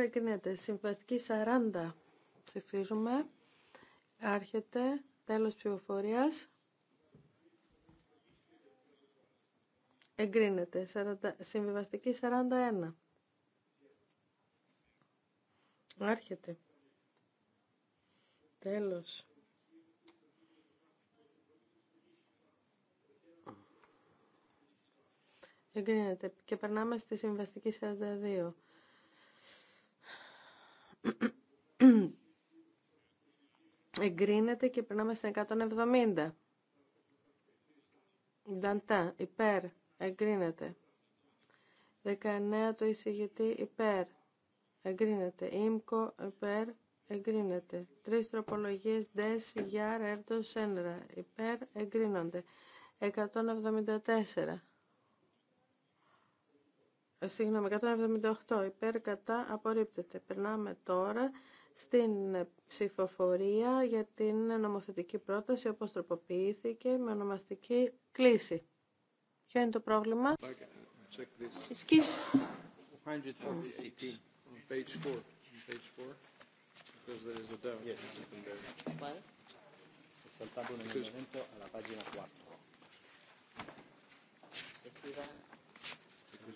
Συμβαστική 40 ψηφίζουμε. Άρχεται. Τέλος ψηφοφορίας. Εγκρίνεται. 40, συμβιβαστική 41. Άρχεται. Τέλος. Εγκρίνεται. Και περνάμε στη συμβαστική 42. *coughs* Εγκρίνεται και περνάμε σε 170. Νταντά, υπέρ, εγκρίνεται. 19 το εισηγητή, υπέρ, εγκρίνεται. Ήμκο, υπέρ, εγκρίνεται. Τρεις τροπολογίες, δες, γιάρ, έρτος, ένρα, υπέρ, εγκρίνονται. 174. Ε, συγγνώμη, 178 υπέρ κατά απορρίπτεται. Περνάμε τώρα στην ε, ψηφοφορία για την νομοθετική πρόταση όπως τροποποιήθηκε με ονομαστική κλίση. Ποιο είναι το πρόβλημα?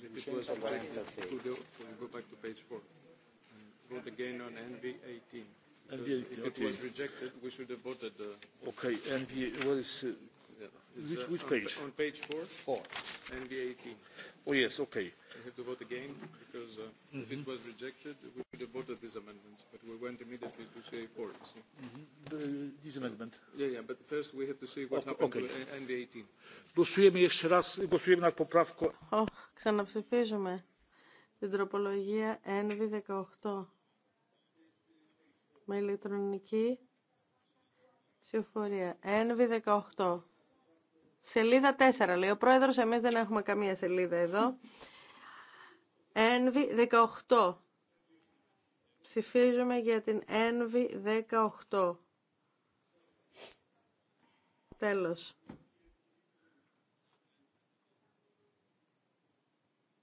It was rejected. to go back to page four. Vote again on NV 18. If it was rejected, we should have voted. Okay, NV, what is, which, which page? On page four. Four. NV 18. Oh yes, okay. We have to vote again because if it was rejected already of these amendments, but we went immediately to CA4. This amendment. Yeah, yeah, but first we have to see what happened to NV18. Głosujemy jeszcze raz, głosujemy nad poprawką. Och, ξαναψηφίζουμε την τροπολογία NV18 με ηλεκτρονική ψηφοφορία. NV18. Σελίδα 4 λέει ο πρόεδρος, εμείς δεν έχουμε καμία σελίδα εδώ. NV18. Ψηφίζουμε για την NV18. Τέλος.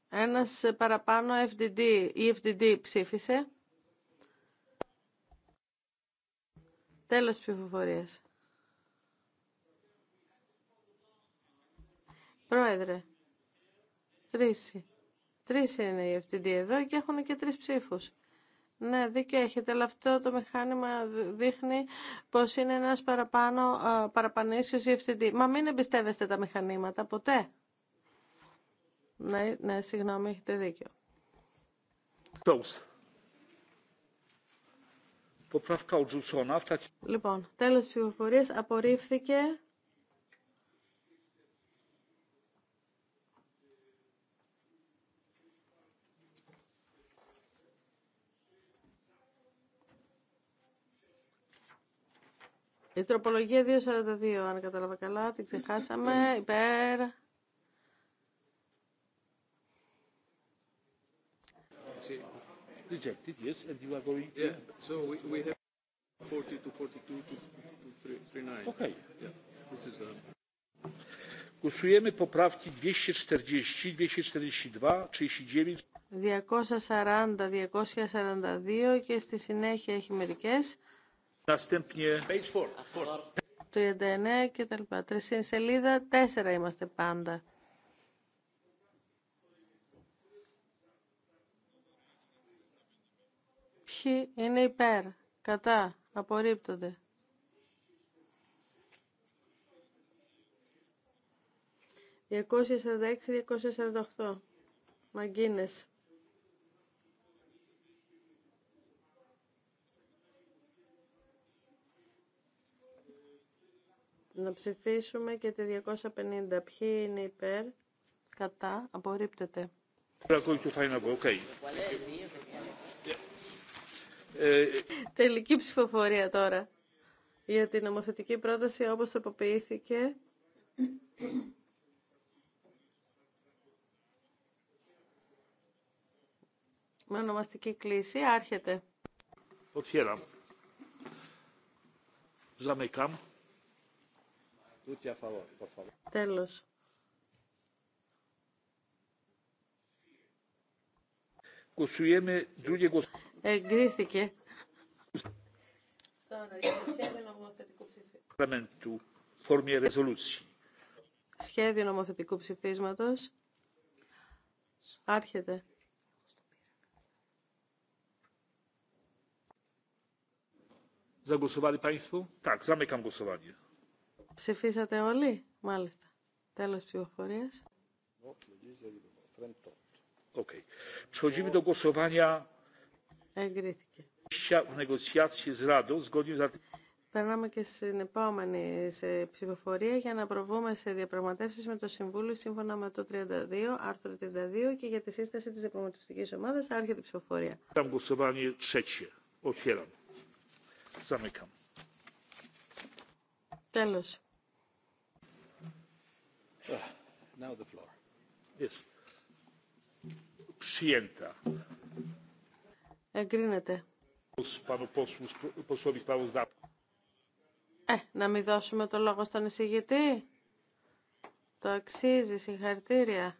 Ένας παραπάνω FDD, η FDD ψήφισε. Τέλος ψηφοφορίας. Πρόεδρε, τρεις. Τρεις είναι οι FDD εδώ και έχουν και τρεις ψήφους. Ναι, δίκιο έχετε, αλλά αυτό το μηχάνημα δείχνει πως είναι ένα παραπάνω, παραπανήσιος διευθυντή. Μα μην εμπιστεύεστε τα μηχανήματα, ποτέ. Ναι, ναι, συγγνώμη, έχετε δίκιο. Λοιπόν, τέλος της ψηφοφορίας απορρίφθηκε Η τροπολογία 2.42, αν κατάλαβα καλά, την ξεχάσαμε. Υπέρ. Rejected, yes, 39. 242, 240, 242 και στη συνέχεια έχει μερικές Następnie... 39 και τα λοιπά. σελίδα, τέσσερα είμαστε πάντα. Ποιοι είναι υπέρ, κατά, απορρίπτονται. «246-248. Μαγκίνες. Να ψηφίσουμε και τη 250. Ποιοι είναι υπέρ, κατά, απορρίπτεται. Ε, Τελική ψηφοφορία τώρα για την νομοθετική πρόταση όπως τροποποιήθηκε. Με ονομαστική κλίση άρχεται. Τσιέραμ, Ζαμεκάμ. Τέλος. Εγκρίθηκε. σχέδιο νομοθετικού ψηφίσματος. Άρχεται. Zagłosowali Państwo? Tak, Ψηφίσατε όλοι, μάλιστα. Τέλος ψηφοφορίας. Okay. Εγκρίθηκε. Περνάμε και στην επόμενη σε ψηφοφορία για να προβούμε σε διαπραγματεύσεις με το Συμβούλιο σύμφωνα με το 32, άρθρο 32 και για τη σύσταση της διαπραγματεύτική ομάδας άρχεται η ψηφοφορία. Τέλος. Εγκρίνεται. Ε, να μην δώσουμε το λόγο στον εισηγητή. Το αξίζει, συγχαρητήρια.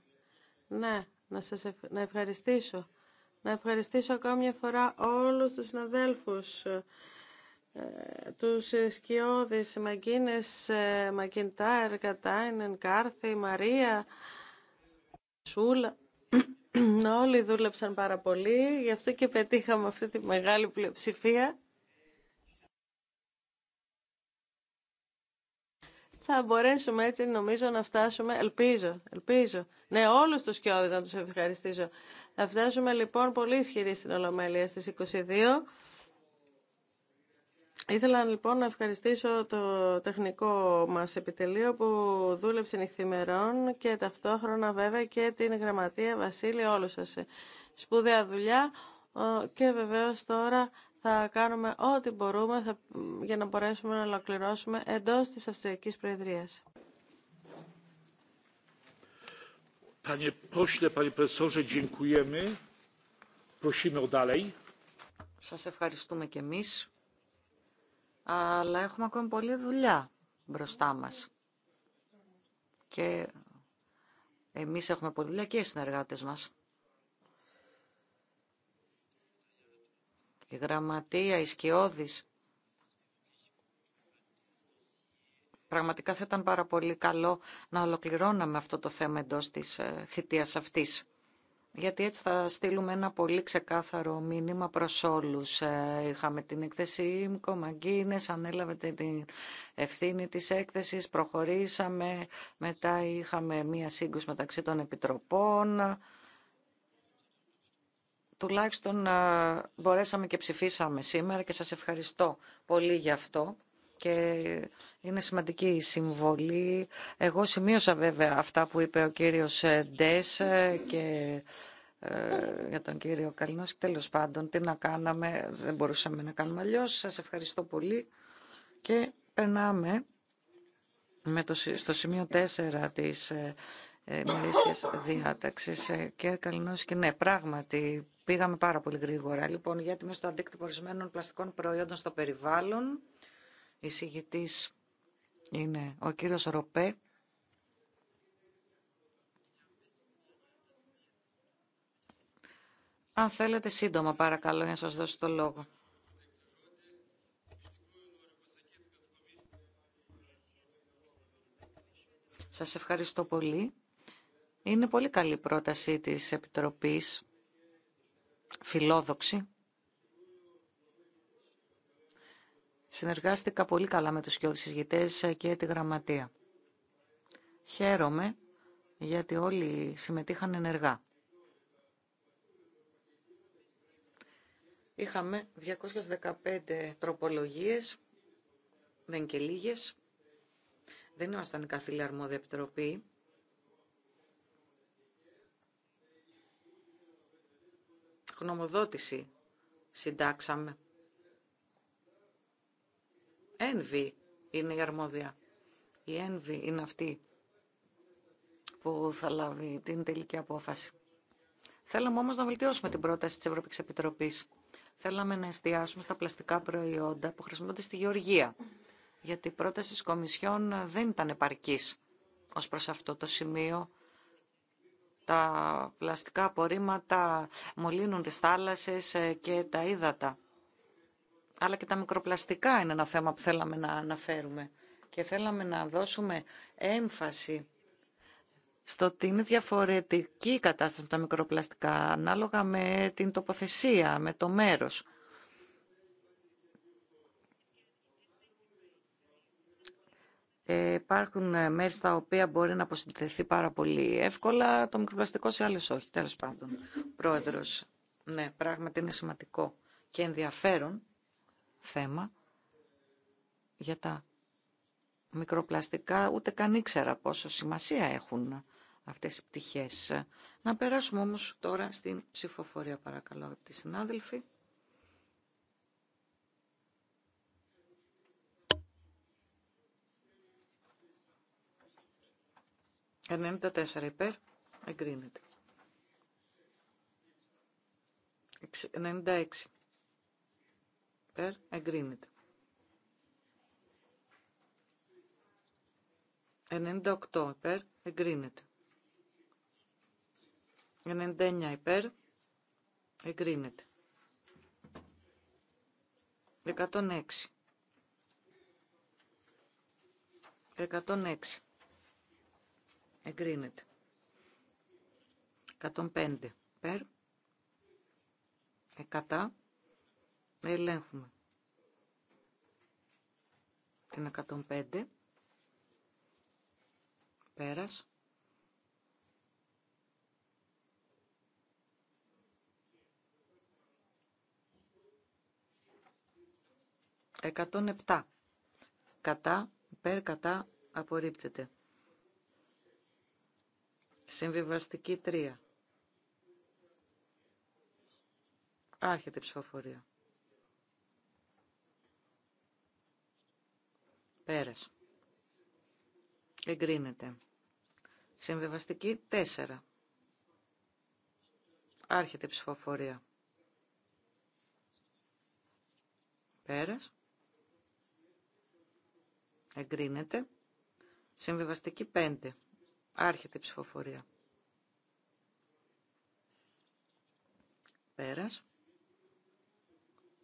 Ναι, να σας να ευχαριστήσω. Να ευχαριστήσω ακόμη μια φορά όλους τους συναδέλφους ε, τους ε, σκιώδεις Μαγκίνες, ε, μακιντάρ, Κατάινεν, Κάρθη, Μαρία, Σούλα. *clears throat* Όλοι δούλεψαν πάρα πολύ, γι' αυτό και πετύχαμε αυτή τη μεγάλη πλειοψηφία. Θα μπορέσουμε έτσι νομίζω να φτάσουμε, ελπίζω, ελπίζω, ναι όλους τους σκιώδες να τους ευχαριστήσω. Θα φτάσουμε λοιπόν πολύ ισχυροί στην Ολομέλεια στις 22. Ήθελα λοιπόν να ευχαριστήσω το τεχνικό μας επιτελείο που δούλεψε νυχθημερών και ταυτόχρονα βέβαια και την γραμματεία Βασίλη όλους σας. Σπουδαία δουλειά και βεβαίως τώρα θα κάνουμε ό,τι μπορούμε θα, για να μπορέσουμε να ολοκληρώσουμε εντός της Αυστριακής Προεδρίας. Panie Σας ευχαριστούμε και εμείς αλλά έχουμε ακόμη πολλή δουλειά μπροστά μας. Και εμείς έχουμε πολλή δουλειά και οι συνεργάτες μας. Η γραμματεία, οι σκιώδης. Πραγματικά θα ήταν πάρα πολύ καλό να ολοκληρώναμε αυτό το θέμα εντός της ε, θητείας αυτής γιατί έτσι θα στείλουμε ένα πολύ ξεκάθαρο μήνυμα προς όλους. Ε, είχαμε την έκθεση ΙΜΚΟ, Μαγκίνες, ανέλαβε την ευθύνη της έκθεσης, προχωρήσαμε, μετά είχαμε μία σύγκρουση μεταξύ των επιτροπών. Τουλάχιστον ε, μπορέσαμε και ψηφίσαμε σήμερα και σας ευχαριστώ πολύ για αυτό και είναι σημαντική η συμβολή. Εγώ σημείωσα βέβαια αυτά που είπε ο κύριος ε, Ντές ε, και ε, για τον κύριο Καλινός. Τέλος πάντων, τι να κάναμε, δεν μπορούσαμε να κάνουμε αλλιώ. Σας ευχαριστώ πολύ και περνάμε με το, στο σημείο 4 της ε, διάταξη. Ε, διάταξης. Κύριε Καλινός, και ναι, πράγματι πήγαμε πάρα πολύ γρήγορα. Λοιπόν, για τη αντίκτυπο ορισμένων πλαστικών προϊόντων στο περιβάλλον εισηγητής είναι ο κύριος Ροπέ. Αν θέλετε σύντομα παρακαλώ για να σας δώσω το λόγο. Σας ευχαριστώ πολύ. Είναι πολύ καλή πρόταση της Επιτροπής, φιλόδοξη. Συνεργάστηκα πολύ καλά με τους κοιόδης και τη γραμματεία. Χαίρομαι γιατί όλοι συμμετείχαν ενεργά. Είχαμε 215 τροπολογίες, δεν και λίγες. Δεν ήμασταν καθήλια αρμόδια επιτροπή. Γνωμοδότηση συντάξαμε Envy είναι η αρμόδια. Η Envy είναι αυτή που θα λάβει την τελική απόφαση. Θέλαμε όμως να βελτιώσουμε την πρόταση της Ευρωπαϊκής Επιτροπής. Θέλαμε να εστιάσουμε στα πλαστικά προϊόντα που χρησιμοποιούνται στη γεωργία. Γιατί η πρόταση της Κομισιόν δεν ήταν επαρκής ως προς αυτό το σημείο. Τα πλαστικά απορρίμματα μολύνουν τις θάλασσες και τα ύδατα αλλά και τα μικροπλαστικά είναι ένα θέμα που θέλαμε να αναφέρουμε και θέλαμε να δώσουμε έμφαση στο ότι είναι διαφορετική η κατάσταση με τα μικροπλαστικά ανάλογα με την τοποθεσία, με το μέρος. Ε, υπάρχουν ε, μέρη στα οποία μπορεί να αποσυντηθεί πάρα πολύ εύκολα, το μικροπλαστικό σε άλλες όχι, τέλος πάντων. Πρόεδρος, ναι, πράγματι είναι σημαντικό και ενδιαφέρον θέμα για τα μικροπλαστικά ούτε καν ήξερα πόσο σημασία έχουν αυτές οι πτυχές. Να περάσουμε όμως τώρα στην ψηφοφορία παρακαλώ τη συνάδελφοι. ...94 υπέρ, εγκρίνεται. 96 Περ. Εγκρίνεται. 98 υπέρ, εγκρίνεται. 99 υπέρ, εγκρίνεται. 106. 106. Εγκρίνεται. 105 υπέρ. 100. Ε, Ελέγχουμε. Την 105. Πέρας. 107, Κατά, υπέρ, κατά, απορρίπτεται. Συμβιβαστική 3. Άρχεται η ψηφοφορία. Πέρας. Εγκρίνεται. Συμβιβαστική 4. Άρχεται η ψηφοφορία. Πέρας. Εγκρίνεται. Συμβιβαστική 5. Άρχεται η ψηφοφορία. Πέρας.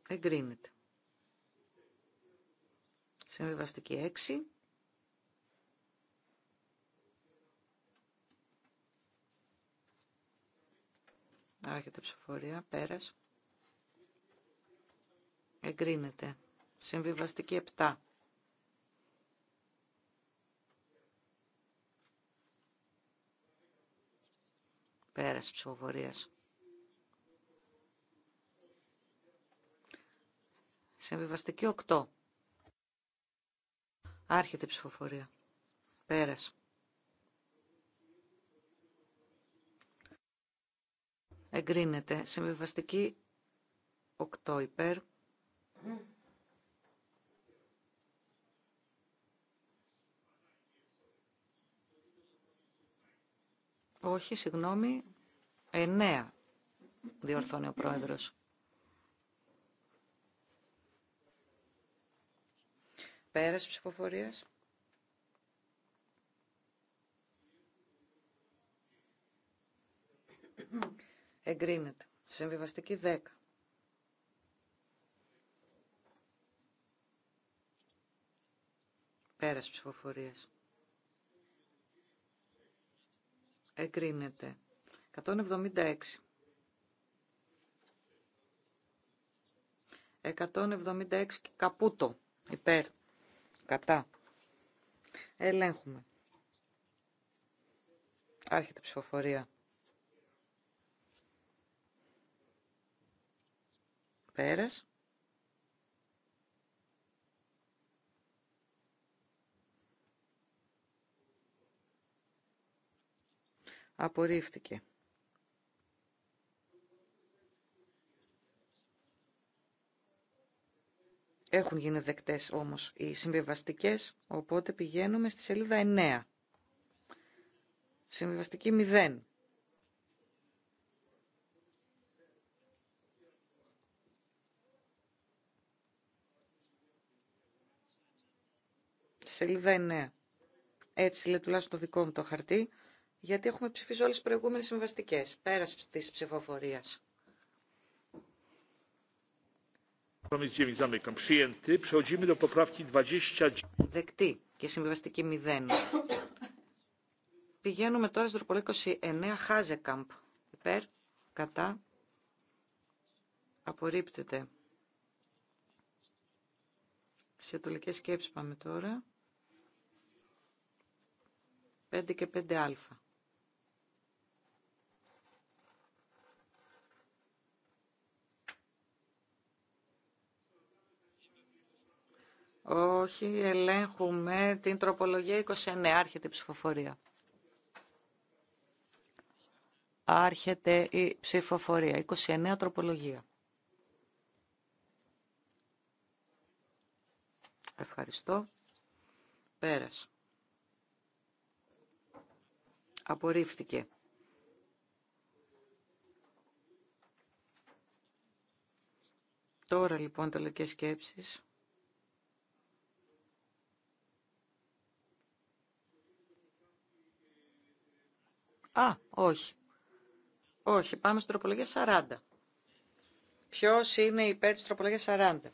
Εγκρίνεται. Συμβιβαστική 6. Άρχεται ψηφοφορία. Πέρας. Εγκρίνεται. Συμβιβαστική 7. Πέρας ψηφοφορίας. Συμβιβαστική 8. Άρχεται η ψηφοφορία. Πέρασε. Εγκρίνεται. Συμβιβαστική 8 υπέρ. Όχι, συγγνώμη, 9 διορθώνει ο πρόεδρος. Πέρας ψηφοφορίας. Εγκρίνεται. Συμβιβαστική 10. Πέρας ψηφοφορίας. Εγκρίνεται. 176. 176 καπούτο υπέρ Κατά. Ελέγχουμε. Άρχεται ψηφοφορία. Πέρας. Απορρίφθηκε. Έχουν γίνει δεκτές όμως οι συμβιβαστικές, οπότε πηγαίνουμε στη σελίδα 9. Συμβιβαστική 0. Σελίδα 9. Έτσι λέει τουλάχιστον το δικό μου το χαρτί, γιατί έχουμε ψηφίσει όλες τις προηγούμενες συμβαστικές, πέρας της ψηφοφορίας. Δεκτή και συμβιβαστική 0. Πηγαίνουμε τώρα στο τροπολό 29 Χάζεκαμπ. Υπέρ, κατά, απορρίπτεται. Σε σκέψεις πάμε τώρα. 5 και 5 Αλφα. Όχι, ελέγχουμε την τροπολογία 29. Άρχεται η ψηφοφορία. Άρχεται η ψηφοφορία. 29 τροπολογία. Ευχαριστώ. Πέρας. Απορρίφθηκε. Τώρα λοιπόν τελικέ σκέψεις. Α, όχι. Όχι, πάμε στην τροπολογία 40. Ποιο είναι υπέρ τη τροπολογία 40.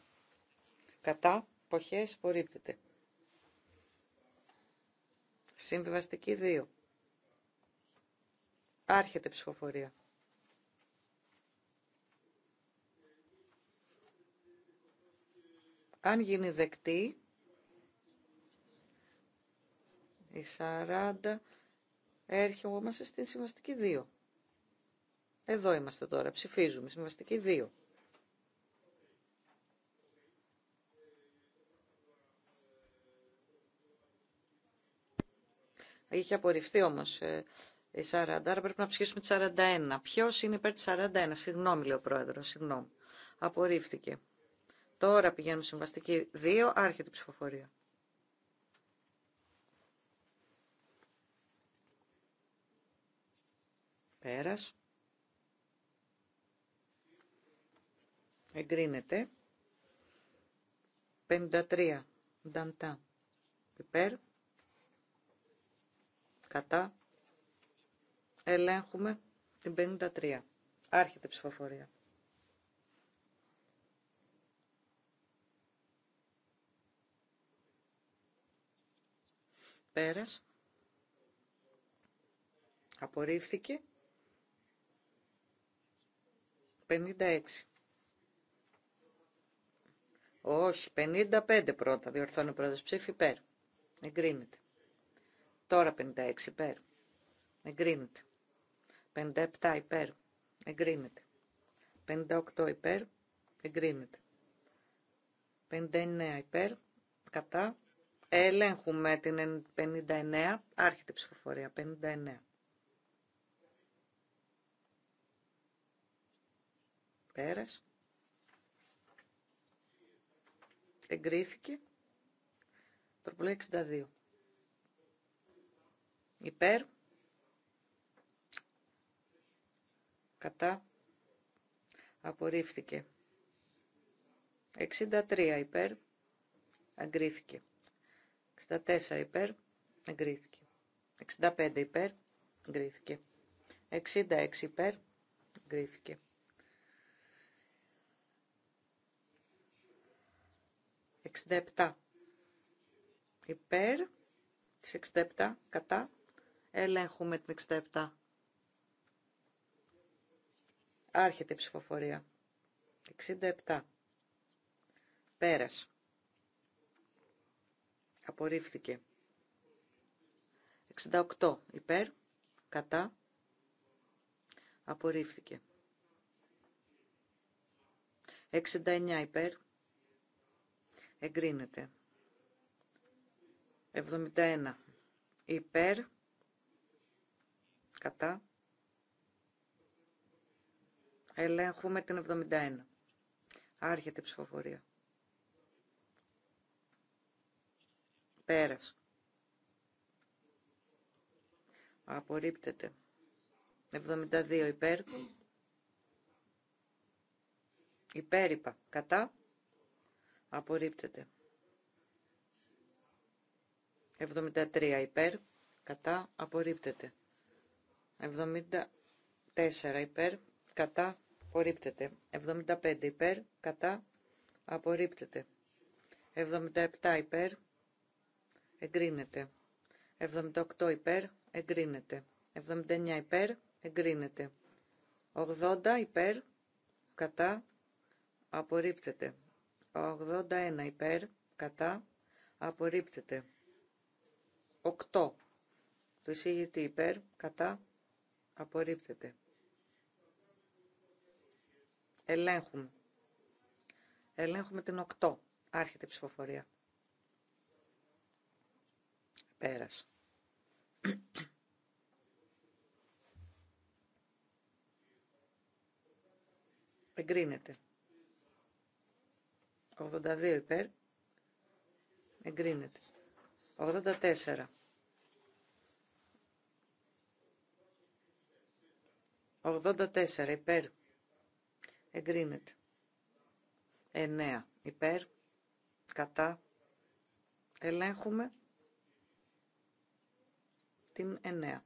Κατά, ποχές, απορρίπτεται. Συμβιβαστική 2. Άρχεται ψηφοφορία. Αν γίνει δεκτή, η 40 Έρχομαστε στην συμβαστική 2. Εδώ είμαστε τώρα, ψηφίζουμε, συμβαστική 2. Είχε απορριφθεί όμω ε, η 40, άρα πρέπει να ψηφίσουμε τη 41. Ποιο είναι υπέρ τη 41, συγγνώμη, λέει ο πρόεδρο, συγγνώμη. Απορρίφθηκε. Τώρα πηγαίνουμε συμβαστική 2, άρχεται η ψηφοφορία. Πέρας. Εγκρίνεται. 53. Νταντά. Υπέρ. Κατά. Ελέγχουμε την 53. Άρχεται ψηφοφορία. Πέρας. Απορρίφθηκε. 56. Όχι, 55 πρώτα, διορθώνει ο πρόεδρος ψήφι υπέρ. Εγκρίνεται. Τώρα 56 υπέρ. Εγκρίνεται. 57 υπέρ. Εγκρίνεται. 58 υπέρ. Εγκρίνεται. 59 υπέρ. Κατά. Ελέγχουμε την 59. Άρχεται η ψηφοφορία. 59. Πέρας. Εγκρίθηκε. Τροπολογία 62. Υπέρ. Κατά. Απορρίφθηκε. 63 υπέρ. Εγκρίθηκε. 64 υπέρ. Εγκρίθηκε. 65 υπέρ. Εγκρίθηκε. 66 υπέρ. Εγκρίθηκε. 67 υπέρ της 67 κατά ελέγχουμε την 67 άρχεται η ψηφοφορία 67 πέρας απορρίφθηκε 68 υπέρ κατά απορρίφθηκε 69 υπέρ εγκρίνεται. 71 υπέρ, κατά, ελέγχουμε την 71. Άρχεται η ψηφοφορία. Πέρας. Απορρίπτεται. 72 υπέρ. Υπέρυπα. Κατά απορρίπτεται. 73 υπέρ, κατά, απορρίπτεται. 74 υπέρ, κατά, απορρίπτεται. 75 υπέρ, κατά, απορρίπτεται. 77 υπέρ, εγκρίνεται. 78 υπέρ, εγκρίνεται. 79 υπέρ, εγκρίνεται. 80 υπέρ, κατά, απορρίπτεται. 81 υπέρ, κατά, απορρίπτεται. 8. Το εισήγητη υπέρ, κατά, απορρίπτεται. Ελέγχουμε. Ελέγχουμε την 8. Άρχεται η ψηφοφορία. Πέρας. Εγκρίνεται. 82 υπέρ. Εγκρίνεται. 84. 84 υπέρ. Εγκρίνεται. 9 υπέρ. Κατά. Ελέγχουμε την 9.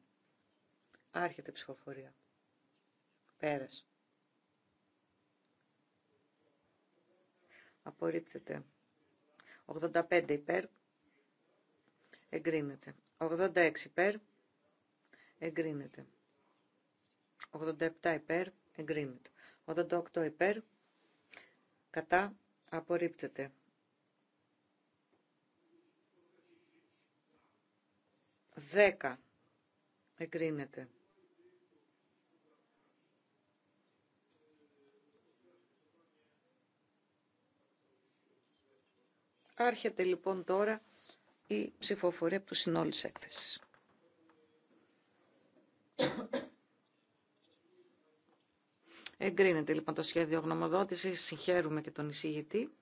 Άρχεται η ψηφοφορία. Πέρασε. απορρίπτεται. 85 υπέρ, εγκρίνεται. 86 υπέρ, εγκρίνεται. 87 υπέρ, εγκρίνεται. 88 υπέρ, κατά, απορρίπτεται. 10 εγκρίνεται. Άρχεται λοιπόν τώρα η ψηφοφορία του συνόλου της έκθεσης. Εγκρίνεται λοιπόν το σχέδιο γνωμοδότηση. συγχαίρουμε και τον εισηγητή.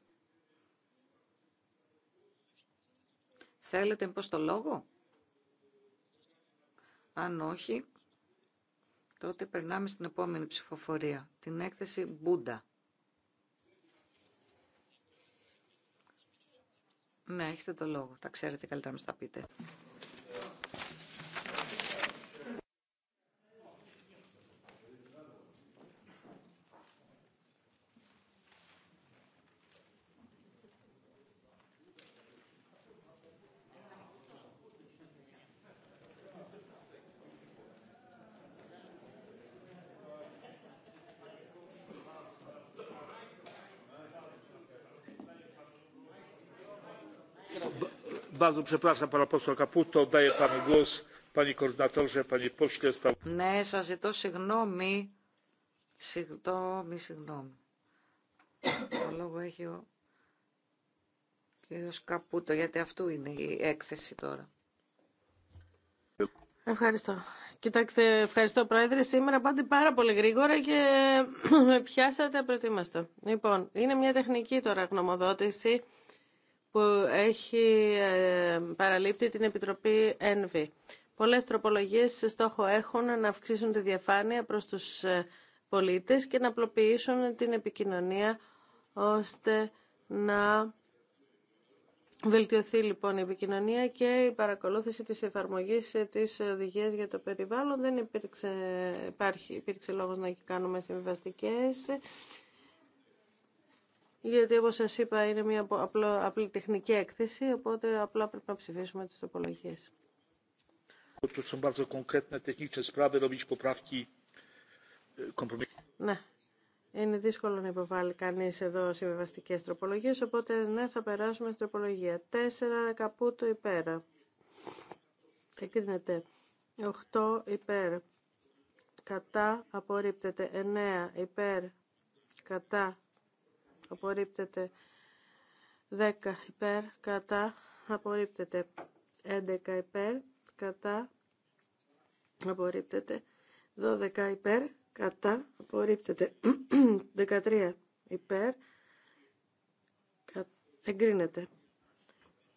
Θέλετε μήπως το λόγο? Αν όχι, τότε περνάμε στην επόμενη ψηφοφορία, την έκθεση Μπούντα. Ναι, έχετε το λόγο. Τα ξέρετε καλύτερα να μας τα πείτε. Ναι, σα ζητώ συγγνώμη. Συγγνώμη, συγγνώμη. Το λόγο έχει ο κύριο Καπούτο, γιατί αυτού είναι η έκθεση τώρα. Ευχαριστώ. Κοιτάξτε, ευχαριστώ Πρόεδρε. Σήμερα πάτε πάρα πολύ γρήγορα και *clears throat* με πιάσατε απροετοίμαστο. Λοιπόν, είναι μια τεχνική τώρα γνωμοδότηση που έχει ε, παραλείπτει την Επιτροπή ΕΝΒΗ. Πολλές τροπολογίες στόχο έχουν να αυξήσουν τη διαφάνεια προς τους ε, πολίτες και να απλοποιήσουν την επικοινωνία ώστε να βελτιωθεί λοιπόν η επικοινωνία και η παρακολούθηση της εφαρμογής ε, της οδηγίας για το περιβάλλον. Δεν υπήρξε, υπάρχει, υπήρξε λόγος να κάνουμε συμβιβαστικές γιατί όπως σας είπα είναι μια απλή τεχνική έκθεση, οπότε απλά πρέπει να ψηφίσουμε τις τροπολογίες. E, ναι, είναι δύσκολο να υποβάλει κανείς εδώ συμβιβαστικέ τροπολογίες, οπότε ναι, θα περάσουμε στην τροπολογία. 4 καπούτο υπέρ. Εκρίνεται. 8 υπέρ. Κατά απορρίπτεται. 9 υπέρ. Κατά απορρίπτεται 10 υπέρ κατά απορρίπτεται 11 υπέρ κατά απορρίπτεται 12 υπέρ κατά απορρίπτεται 13 *clears throat* υπέρ κα, εγκρίνεται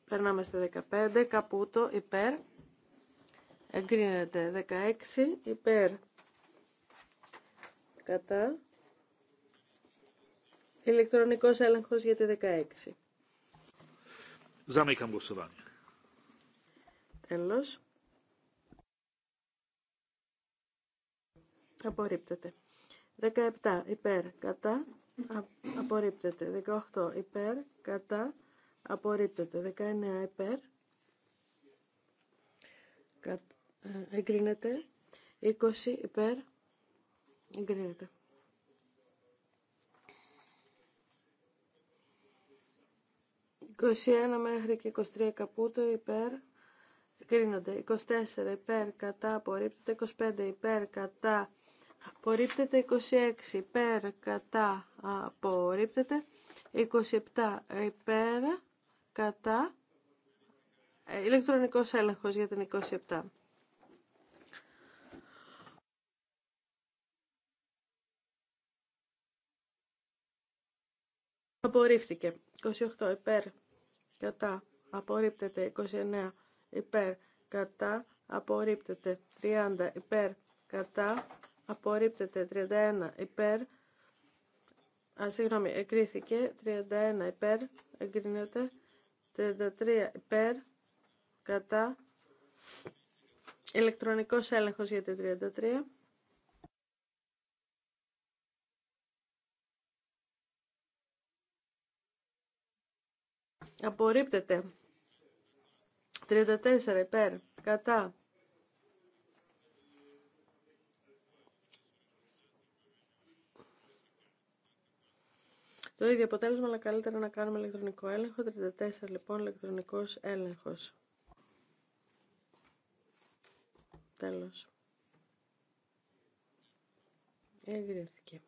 περνάμε στα 15 καπούτο υπέρ εγκρίνεται 16 υπέρ κατά Ηλεκτρονικός έλεγχος για τη 16. Zamykam głosowanie. Τέλος. Απορρίπτεται. 17 υπέρ κατά απορρίπτεται. 18 υπέρ κατά απορρίπτεται. Ε, 19 υπέρ εγκρίνεται. 20 υπέρ εγκρίνεται. 21 μέχρι και 23 καπούτο υπέρ κρίνονται 24 υπέρ κατά απορρίπτεται 25 υπέρ κατά απορρίπτεται 26 υπέρ κατά απορρίπτεται 27 υπέρ κατά ε, ηλεκτρονικός έλεγχος για την 27 Απορρίφθηκε. 28 υπέρ κατά, απορρίπτεται. 29 υπέρ, κατά, απορρίπτεται. 30 υπέρ, κατά, απορρίπτεται. 31 υπέρ, α, συγγνώμη, εγκρίθηκε. 31 υπέρ, εγκρίνεται. 33 υπέρ, κατά, ηλεκτρονικός έλεγχος για την 33. Απορρίπτεται. 34 υπέρ. Κατά. Το ίδιο αποτέλεσμα, αλλά καλύτερα να κάνουμε ηλεκτρονικό έλεγχο. 34 λοιπόν, ηλεκτρονικός έλεγχος. Τέλος. Εγκρίθηκε.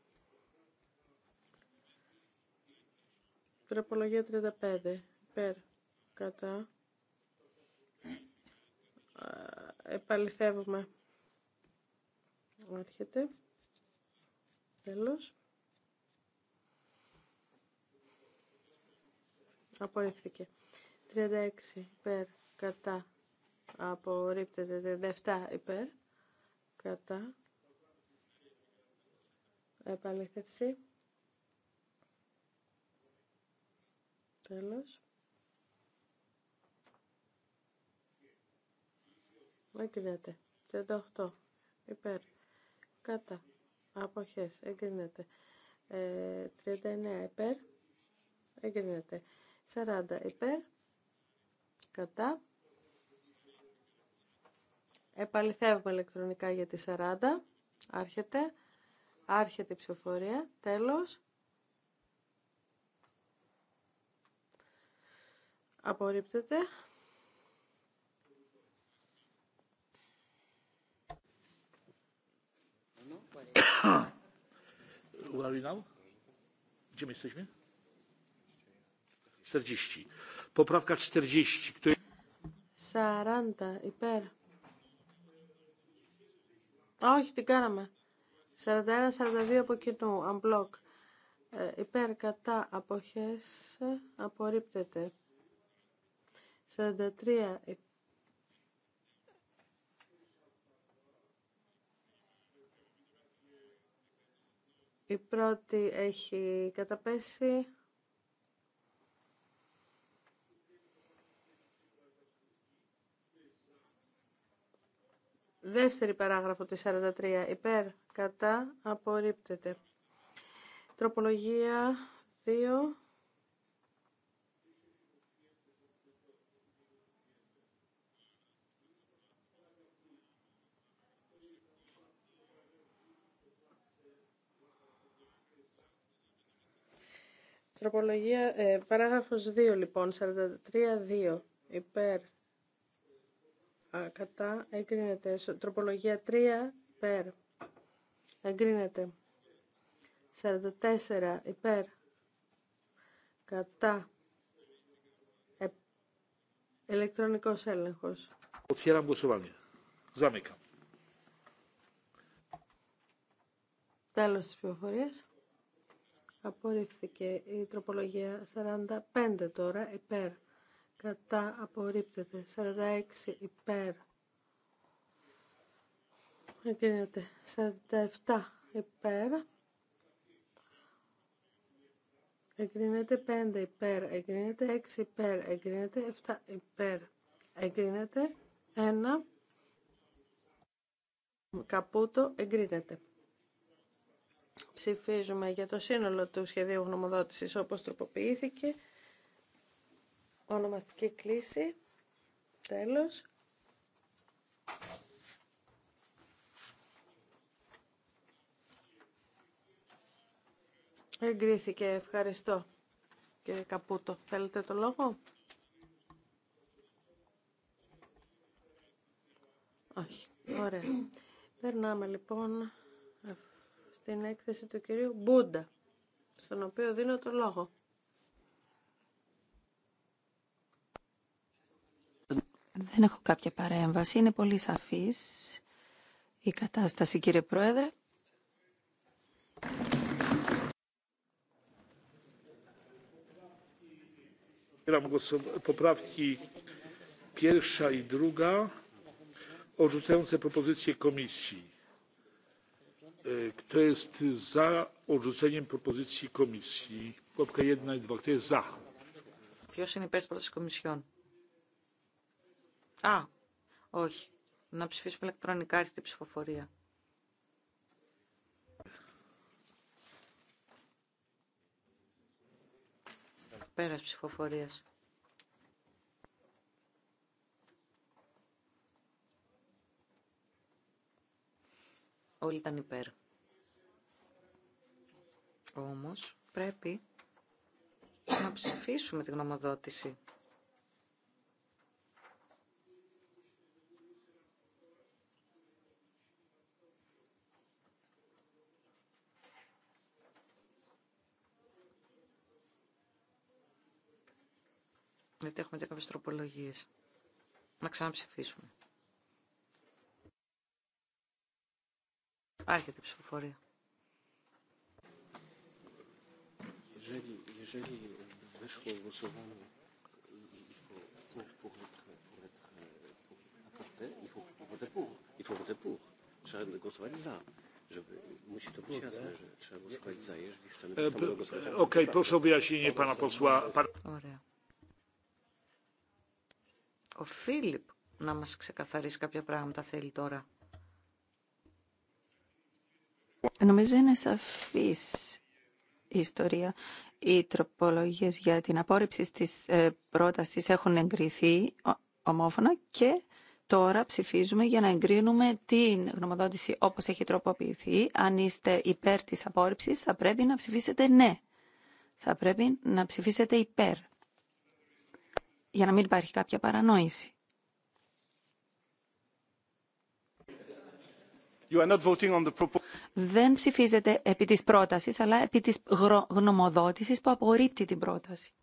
Προπολογία 35 υπέρ κατά επαληθεύουμε έρχεται τέλος απορρίφθηκε 36 υπέρ κατά απορρίπτεται 37 υπέρ κατά επαληθεύση τέλος εγκρίνεται. 38 υπέρ κατά αποχές εγκρίνεται. 39 ε, υπέρ εγκρίνεται. 40 υπέρ κατά Επαληθεύουμε ηλεκτρονικά για τη 40. Άρχεται. Άρχεται η ψηφοφορία. Τέλος. Απορρίπτεται. Gdzie my jesteśmy? 40. Poprawka 40. Kto... 40 υπέρ. Όχι, την κάναμε. 41-42 από κοινού, unblock. Ε, υπέρ κατά αποχές απορρίπτεται. 43 υπέρ Η πρώτη έχει καταπέσει. Δεύτερη παράγραφο τη 43. Υπέρ, κατά, απορρίπτεται. Τροπολογία 2. Τροπολογία, ε, παράγραφος 2 λοιπόν, 43-2, υπέρ, κατά, εγκρίνεται. Τροπολογία 3, υπέρ, εγκρίνεται. 44, υπέρ, κατά, ε, ηλεκτρονικός έλεγχος. Φιέρα πληροφορία. Ζαμίκα. Τέλος της πληροφορίας απορρίφθηκε η τροπολογία 45 τώρα υπέρ κατά απορρίπτεται 46 υπέρ εγκρίνεται 47 υπέρ εγκρίνεται 5 υπέρ εγκρίνεται 6 υπέρ εγκρίνεται 7 υπέρ εγκρίνεται 1 καπούτο εγκρίνεται Ψηφίζουμε για το σύνολο του σχεδίου γνωμοδότησης όπως τροποποιήθηκε. Ονομαστική κλίση. Τέλος. Εγκρίθηκε. Ευχαριστώ. Και Καπούτο, θέλετε το λόγο? Όχι. Ωραία. Περνάμε λοιπόν την έκθεση του κυρίου Μπούντα, στον οποίο δίνω το λόγο. Δεν έχω κάποια παρέμβαση. Είναι πολύ σαφής η κατάσταση, κύριε Πρόεδρε. poprawki pierwsza i druga odrzucające propozycję komisji. E, kto jest Ποιο είναι υπέρ τη πρόταση Κομισιόν. Α, όχι. Να ψηφίσουμε ηλεκτρονικά τη ψηφοφορία. Πέρας ψηφοφορίας. όλοι ήταν υπέρ. Όμως πρέπει να ψηφίσουμε τη γνωμοδότηση. Γιατί έχουμε και κάποιες τροπολογίες. Να ξαναψηφίσουμε. Άρχεται η ψηφοφορία. Ωραία. Ο Φίλιπ να μας ξεκαθαρίσει κάποια πράγματα θέλει τώρα. Νομίζω είναι σαφής η ιστορία. Οι τροπολογίες για την απόρριψη της ε, πρότασης έχουν εγκριθεί ομόφωνα και τώρα ψηφίζουμε για να εγκρίνουμε την γνωμοδότηση όπως έχει τροποποιηθεί. Αν είστε υπέρ της απόρριψης θα πρέπει να ψηφίσετε ναι. Θα πρέπει να ψηφίσετε υπέρ. Για να μην υπάρχει κάποια παρανόηση δεν ψηφίζεται επί της πρότασης, αλλά επί της γνωμοδότησης που απορρίπτει την πρόταση.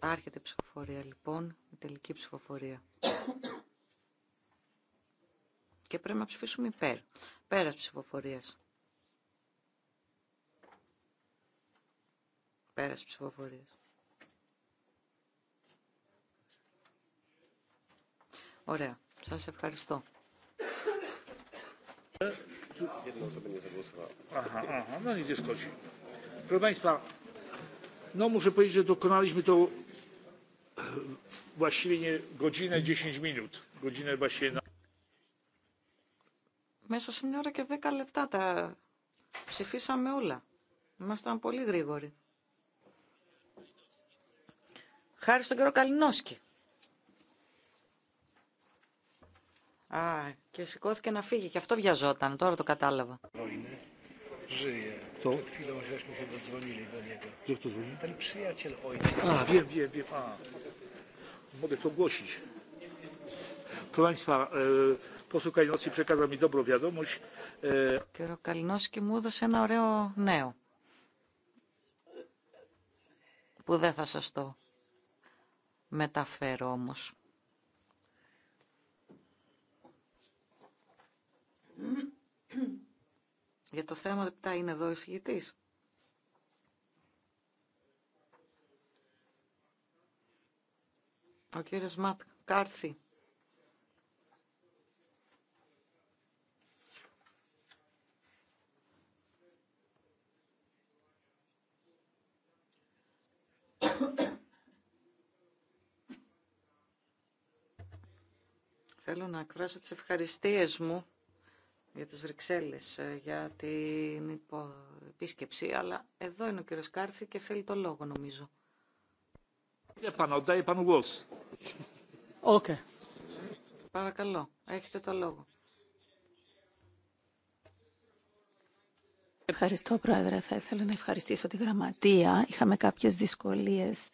Άρχεται η ψηφοφορία λοιπόν, η τελική ψηφοφορία και πρέπει να ψηφίσουμε υπέρ. Πέρα τη ψηφοφορία. Πέρα τη ψηφοφορία. Ωραία. Σα ευχαριστώ. Proszę Państwa, no muszę powiedzieć, że dokonaliśmy to właściwie nie godzinę 10 minut, godzinę właśnie na... Μέσα σε μια ώρα και δέκα λεπτά τα ψηφίσαμε όλα. Ήμασταν πολύ γρήγοροι. Χάρη στον κύριο Καλινόσκι. Α, και σηκώθηκε να φύγει. Και αυτό βιαζόταν. Τώρα το κατάλαβα. Żyje. To? το poseł Kalinowski και μου έδωσε ένα ωραίο νέο που δεν θα σας το μεταφέρω όμως. Για το θέμα τα είναι εδώ ο εισηγητής. Ο κύριος Ματ Κάρθη. Θέλω να εκφράσω τις ευχαριστίες μου για τις Βρυξέλλες, ε, για την επίσκεψη, αλλά εδώ είναι ο κύριος Κάρθη και θέλει το λόγο νομίζω. όκ. Ε, Παρακαλώ, έχετε το λόγο. Ευχαριστώ, Πρόεδρε. Θα ήθελα να ευχαριστήσω τη Γραμματεία. Είχαμε κάποιες δυσκολίες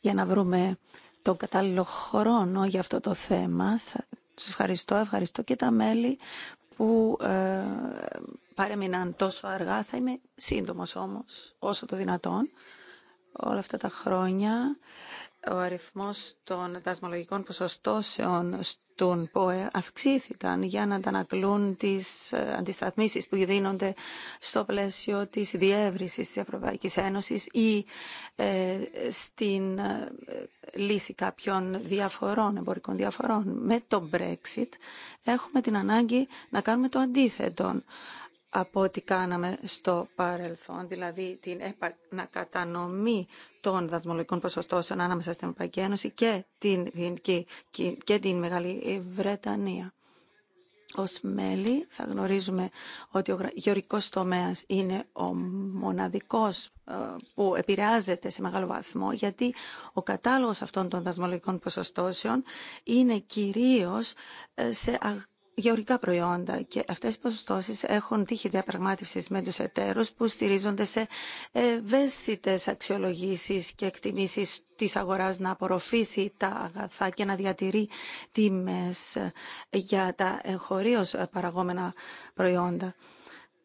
για να βρούμε τον κατάλληλο χρόνο για αυτό το θέμα. Σας ευχαριστώ, ευχαριστώ και τα μέλη που ε, παρέμειναν τόσο αργά. Θα είμαι σύντομος όμως, όσο το δυνατόν όλα αυτά τα χρόνια ο αριθμός των δασμολογικών ποσοστώσεων στον ΠΟΕ αυξήθηκαν για να αντανακλούν τις ε, αντισταθμίσεις που δίνονται στο πλαίσιο της διεύρυνσης της Ευρωπαϊκής Ένωσης ή ε, στην ε, λύση κάποιων διαφορών, εμπορικών διαφορών. Με το Brexit έχουμε την ανάγκη να κάνουμε το αντίθετο από ό,τι κάναμε στο παρελθόν, δηλαδή την επανακατανομή των δασμολογικών ποσοστώσεων ανάμεσα στην Ευρωπαϊκή Ένωση και την, και, και την Μεγάλη Βρετανία. Ως μέλη θα γνωρίζουμε ότι ο γεωρικός τομέας είναι ο μοναδικός ε, που επηρεάζεται σε μεγάλο βαθμό γιατί ο κατάλογος αυτών των δασμολογικών ποσοστώσεων είναι κυρίως ε, σε γεωργικά προϊόντα και αυτές οι ποσοστώσεις έχουν τύχη διαπραγμάτευσης με τους εταίρους που στηρίζονται σε ευαίσθητες αξιολογήσεις και εκτιμήσεις της αγοράς να απορροφήσει τα αγαθά και να διατηρεί τιμές για τα εγχωρίως παραγόμενα προϊόντα.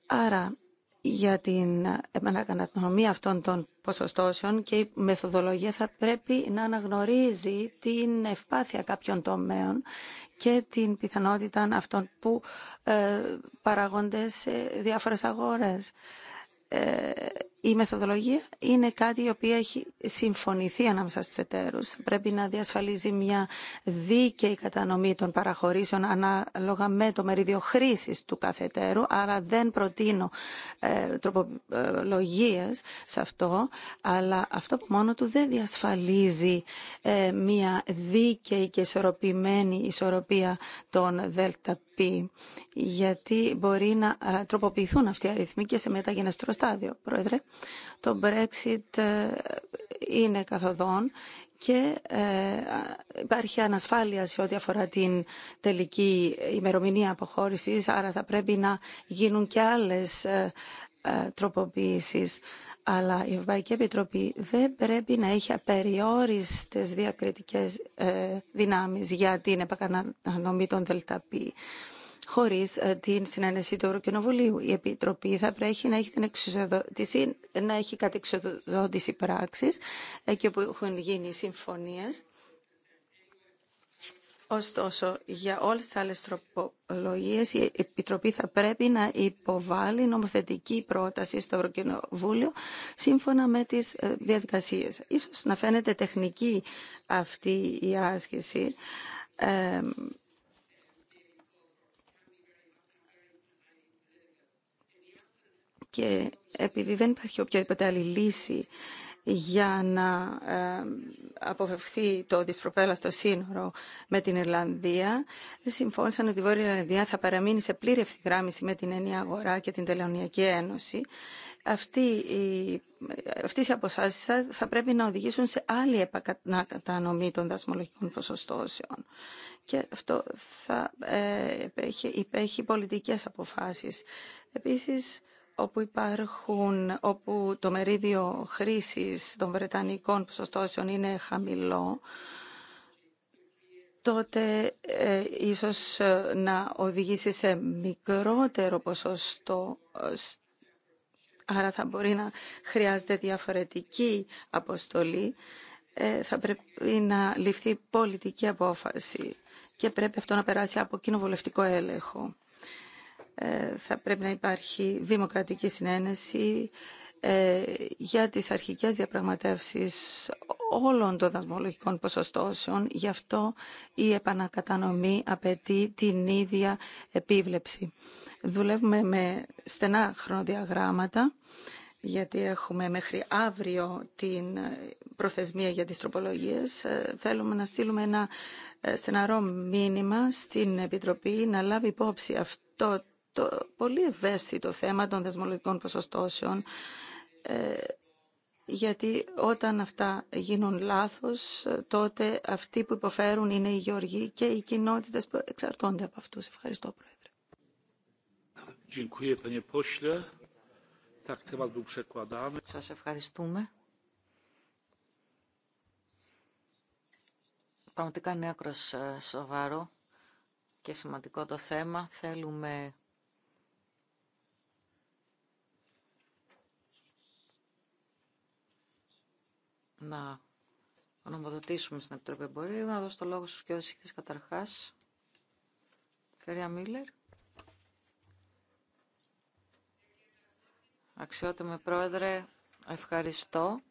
Άρα για την επανακατανομή αυτών των ποσοστώσεων και η μεθοδολογία θα πρέπει να αναγνωρίζει την ευπάθεια κάποιων τομέων και την πιθανότητα αυτών που ε, παράγονται σε διάφορες αγορές. Ε, η μεθοδολογία είναι κάτι η οποία έχει συμφωνηθεί ανάμεσα στους εταίρους. Πρέπει να διασφαλίζει μια δίκαιη κατανομή των παραχωρήσεων ανάλογα με το μερίδιο χρήση του κάθε εταίρου, άρα δεν προτείνω ε, τροπολογίες σε αυτό, αλλά αυτό που μόνο του δεν διασφαλίζει ε, μια δίκαιη και ισορροπημένη ισορροπία των ΔΠ, γιατί μπορεί να ε, τροποποιηθούν αυτοί οι αριθμοί και σε μεταγενέστερο στάδιο. Πρόεδρε, το Brexit ε, είναι καθοδόν και ε, υπάρχει ανασφάλεια σε ό,τι αφορά την τελική ημερομηνία αποχώρησης, άρα θα πρέπει να γίνουν και άλλες ε, ε τροποποιήσεις. Αλλά η Ευρωπαϊκή Επιτροπή δεν πρέπει να έχει απεριόριστες διακριτικές ε, δυνάμεις για την επακανανομή των ΔΕΛΤΑΠΗ. Χωρί ε, την συνένεση του Ευρωκοινοβουλίου. Η Επιτροπή θα πρέπει να έχει την εξουσιοδότηση, να έχει κάτι εξουσιοδότηση ε, και που έχουν γίνει συμφωνίε. Ωστόσο, για όλε τι άλλε τροπολογίε, η Επιτροπή θα πρέπει να υποβάλει νομοθετική πρόταση στο Ευρωκοινοβούλιο σύμφωνα με τι ε, διαδικασίε. Σω να φαίνεται τεχνική αυτή η άσκηση, και επειδή δεν υπάρχει οποιαδήποτε άλλη λύση για να ε, αποφευθεί το δυσπροπέλαστο σύνορο με την Ιρλανδία. Συμφώνησαν ότι η Βόρεια Ιρλανδία θα παραμείνει σε πλήρη ευθυγράμμιση με την Έννοία αγορά και την Τελεωνιακή Ένωση. Αυτή οι, αυτές οι θα, πρέπει να οδηγήσουν σε άλλη επανακατανομή των δασμολογικών ποσοστώσεων. Και αυτό θα υπέχει, ε, υπέχει πολιτικές αποφάσεις. Επίσης, όπου υπάρχουν, όπου το μερίδιο χρήσης των Βρετανικών ποσοστώσεων είναι χαμηλό, τότε ε, ίσως ε, να οδηγήσει σε μικρότερο ποσοστό, ε, άρα θα μπορεί να χρειάζεται διαφορετική αποστολή, ε, θα πρέπει να ληφθεί πολιτική απόφαση και πρέπει αυτό να περάσει από κοινοβουλευτικό έλεγχο. Ε, θα πρέπει να υπάρχει δημοκρατική συνένεση ε, για τις αρχικές διαπραγματεύσεις όλων των δασμολογικών ποσοστώσεων. Γι' αυτό η επανακατανομή απαιτεί την ίδια επίβλεψη. Δουλεύουμε με στενά χρονοδιαγράμματα γιατί έχουμε μέχρι αύριο την προθεσμία για τις τροπολογίες. Ε, θέλουμε να στείλουμε ένα στεναρό μήνυμα στην Επιτροπή να λάβει υπόψη αυτό το πολύ ευαίσθητο θέμα των δεσμολογικών ποσοστώσεων ε, γιατί όταν αυτά γίνουν λάθος, ε, τότε αυτοί που υποφέρουν είναι οι γεωργοί και οι κοινότητες που εξαρτώνται από αυτούς. Ευχαριστώ, Πρόεδρε. Σας ευχαριστούμε. Πραγματικά είναι άκρος ε, σοβαρό και σημαντικό το θέμα. Θέλουμε να ονομοδοτήσουμε στην Επιτροπή Εμπορίου. Να δώσω το λόγο στους και όσοι καταρχάς. Κυρία Μίλλερ. Αξιότιμε Πρόεδρε, ευχαριστώ.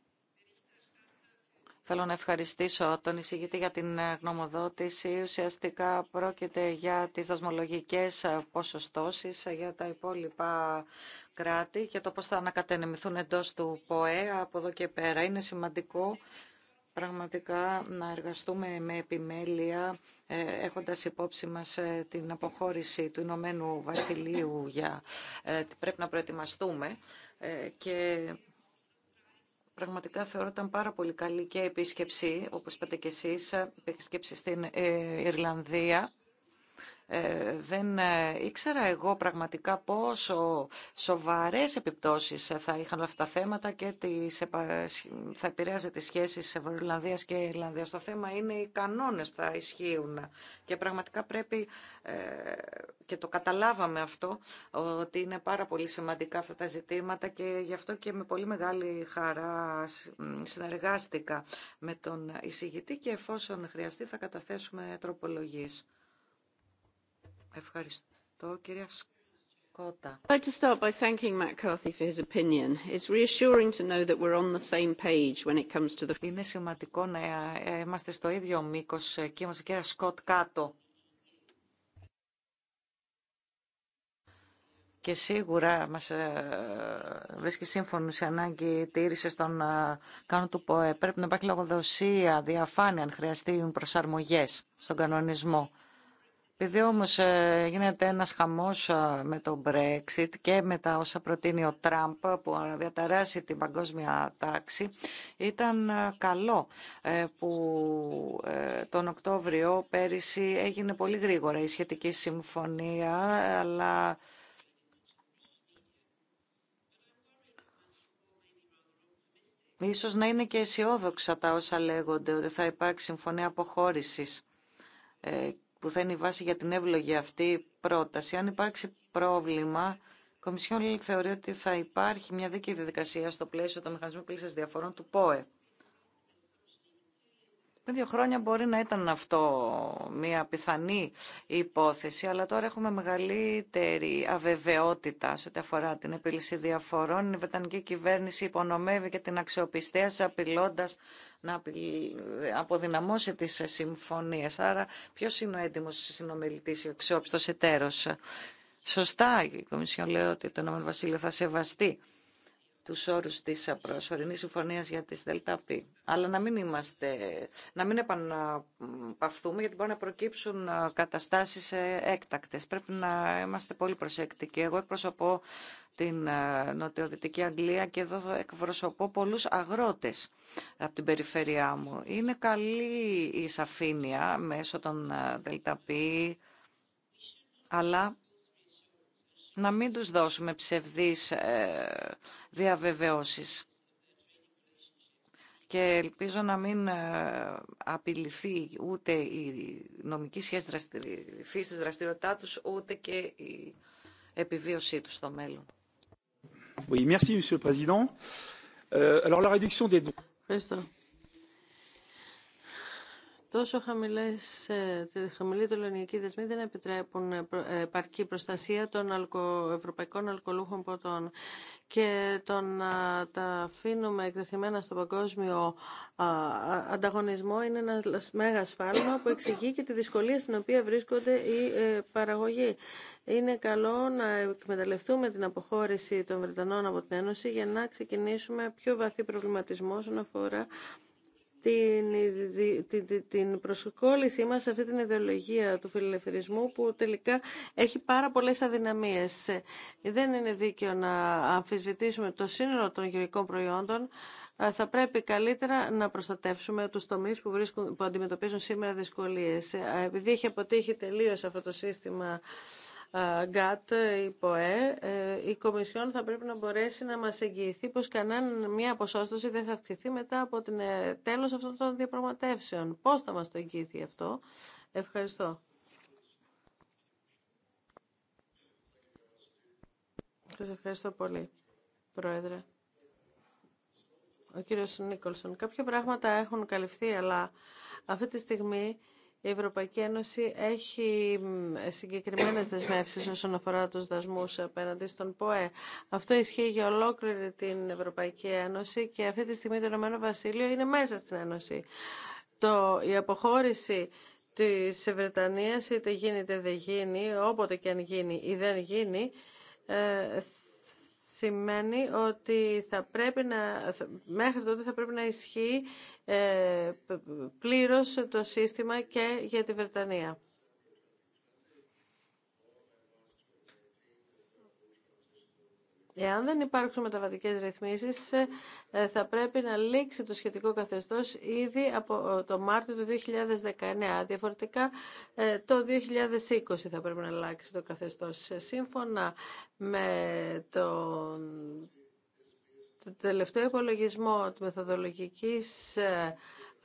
Θέλω να ευχαριστήσω τον εισηγητή για την ε, γνωμοδότηση. Ουσιαστικά πρόκειται για τις δασμολογικές ε, ποσοστώσεις ε, για τα υπόλοιπα κράτη και το πώς θα ανακατενεμηθούν εντός του ΠΟΕ από εδώ και πέρα. Είναι σημαντικό πραγματικά να εργαστούμε με επιμέλεια έχοντας υπόψη μας την αποχώρηση του Ηνωμένου Βασιλείου για πρέπει να προετοιμαστούμε και Πραγματικά θεωρώ ήταν πάρα πολύ καλή και επίσκεψη, όπως είπατε και εσείς, επίσκεψη στην ε, Ιρλανδία ε, δεν ε, ήξερα εγώ πραγματικά πόσο σοβαρές επιπτώσεις θα είχαν αυτά τα θέματα και τις, θα επηρέαζε τις σχέσεις Ευρωλανδίας και Ιρλανδίας. Το θέμα είναι οι κανόνες που θα ισχύουν και πραγματικά πρέπει ε, και το καταλάβαμε αυτό ότι είναι πάρα πολύ σημαντικά αυτά τα ζητήματα και γι' αυτό και με πολύ μεγάλη χαρά συνεργάστηκα με τον εισηγητή και εφόσον χρειαστεί θα καταθέσουμε τροπολογίες. Ευχαριστώ, κυρία Σκότα. Είναι σημαντικό να ε, ε, είμαστε στο ίδιο μήκος ε, και είμαστε κυρία Σκότ κάτω. και σίγουρα μας βρίσκει σύμφωνο σε ανάγκη τήρησης των κανόνων του ΠΟΕ. Πρέπει να υπάρχει λογοδοσία, διαφάνεια αν χρειαστεί προσαρμογές στον κανονισμό. Επειδή όμως ε, γίνεται ένας χαμός ε, με το Brexit και με τα όσα προτείνει ο Τραμπ που διαταράσει την παγκόσμια τάξη, ήταν ε, καλό που τον Οκτώβριο πέρυσι έγινε πολύ γρήγορα η σχετική συμφωνία, αλλά... Ίσως να είναι και αισιόδοξα τα όσα λέγονται ότι θα υπάρξει συμφωνία αποχώρησης που θα είναι η βάση για την εύλογη αυτή πρόταση. Αν υπάρξει πρόβλημα, η Κομισιόν θεωρεί ότι θα υπάρχει μια δίκαιη διαδικασία στο πλαίσιο των μηχανισμών πλήξης διαφορών του ΠΟΕ. Πριν δύο χρόνια μπορεί να ήταν αυτό μια πιθανή υπόθεση, αλλά τώρα έχουμε μεγαλύτερη αβεβαιότητα σε ό,τι αφορά την επίλυση διαφορών. Η Βρετανική κυβέρνηση υπονομεύει και την αξιοπιστία απειλώντα να αποδυναμώσει τις συμφωνίες. Άρα ποιο είναι ο έντιμος συνομιλητής ή αξιόπιστος εταίρος. Σωστά η Κομισιόν λέει ότι το Βασίλειο θα σεβαστεί τους όρους της προσωρινής συμφωνίας για τις ΔΕΛΤΑΠ. Αλλά να μην, είμαστε, να μην επαναπαυθούμε γιατί μπορεί να προκύψουν ε, καταστάσεις ε, έκτακτες. Πρέπει να είμαστε πολύ προσεκτικοί. Εγώ εκπροσωπώ την ε, νοτιοδυτική Αγγλία και εδώ εκπροσωπώ πολλούς αγρότες από την περιφέρειά μου. Είναι καλή η σαφήνεια μέσω των ΔΕΛΤΑΠΗ, αλλά να μην τους δώσουμε ψευδείς ε, διαβεβαιώσεις. Και ελπίζω να μην ε, απειληθεί ούτε η νομική σχέση φύση της δραστηριότητά τους, ούτε και η επιβίωσή τους στο μέλλον. Oui, merci, euh, Τόσο χαμηλές, ε, χαμηλή τελωνιακή δεσμή δεν επιτρέπουν ε, ε, επαρκή προστασία των ευρωπαϊκών αλκοολούχων ποτών και το να τα αφήνουμε εκτεθειμένα στον παγκόσμιο ανταγωνισμό είναι ένα μέγα σφάλμα που εξηγεί και τη δυσκολία στην οποία βρίσκονται οι παραγωγοί. Είναι καλό να εκμεταλλευτούμε την αποχώρηση των Βρετανών από την Ένωση για να ξεκινήσουμε πιο βαθύ προβληματισμό όσον αφορά την, την προσκόλλησή μας σε αυτή την ιδεολογία του φιλελευθερισμού που τελικά έχει πάρα πολλές αδυναμίες. Δεν είναι δίκαιο να αμφισβητήσουμε το σύνολο των γεωργικών προϊόντων ε, θα πρέπει καλύτερα να προστατεύσουμε του τομεί που, που αντιμετωπίζουν σήμερα δυσκολίε. Ε, επειδή έχει αποτύχει τελείω αυτό το σύστημα ΓΚΑΤ η ε, η Κομισιόν θα πρέπει να μπορέσει να μας εγγυηθεί πως κανέναν μια ποσόστοση δεν θα αυξηθεί μετά από την ε, τέλος αυτών των διαπραγματεύσεων. Πώς θα μας το εγγυηθεί αυτό. Ευχαριστώ. Σας ευχαριστώ πολύ, Πρόεδρε. Ο κύριος Νίκολσον. Κάποια πράγματα έχουν καλυφθεί, αλλά αυτή τη στιγμή η Ευρωπαϊκή Ένωση έχει συγκεκριμένε δεσμεύσει όσον αφορά του δασμού απέναντι στον ΠΟΕ. Αυτό ισχύει για ολόκληρη την Ευρωπαϊκή Ένωση και αυτή τη στιγμή το Ηνωμένο Βασίλειο είναι μέσα στην Ένωση. Το, η αποχώρηση τη Βρετανία είτε γίνεται δεν γίνει, όποτε και αν γίνει ή δεν γίνει, ε, σημαίνει ότι θα πρέπει να, μέχρι τότε θα πρέπει να ισχύει ε, πλήρως το σύστημα και για τη Βρετανία. Εάν δεν υπάρξουν μεταβατικές ρυθμίσει, ε, ε, θα πρέπει να λήξει το σχετικό καθεστώς ήδη από ε, το Μάρτιο του 2019. Διαφορετικά, το 2020 θα πρέπει να αλλάξει το καθεστώς. Σύμφωνα με τον το τελευταίο υπολογισμό τη μεθοδολογικής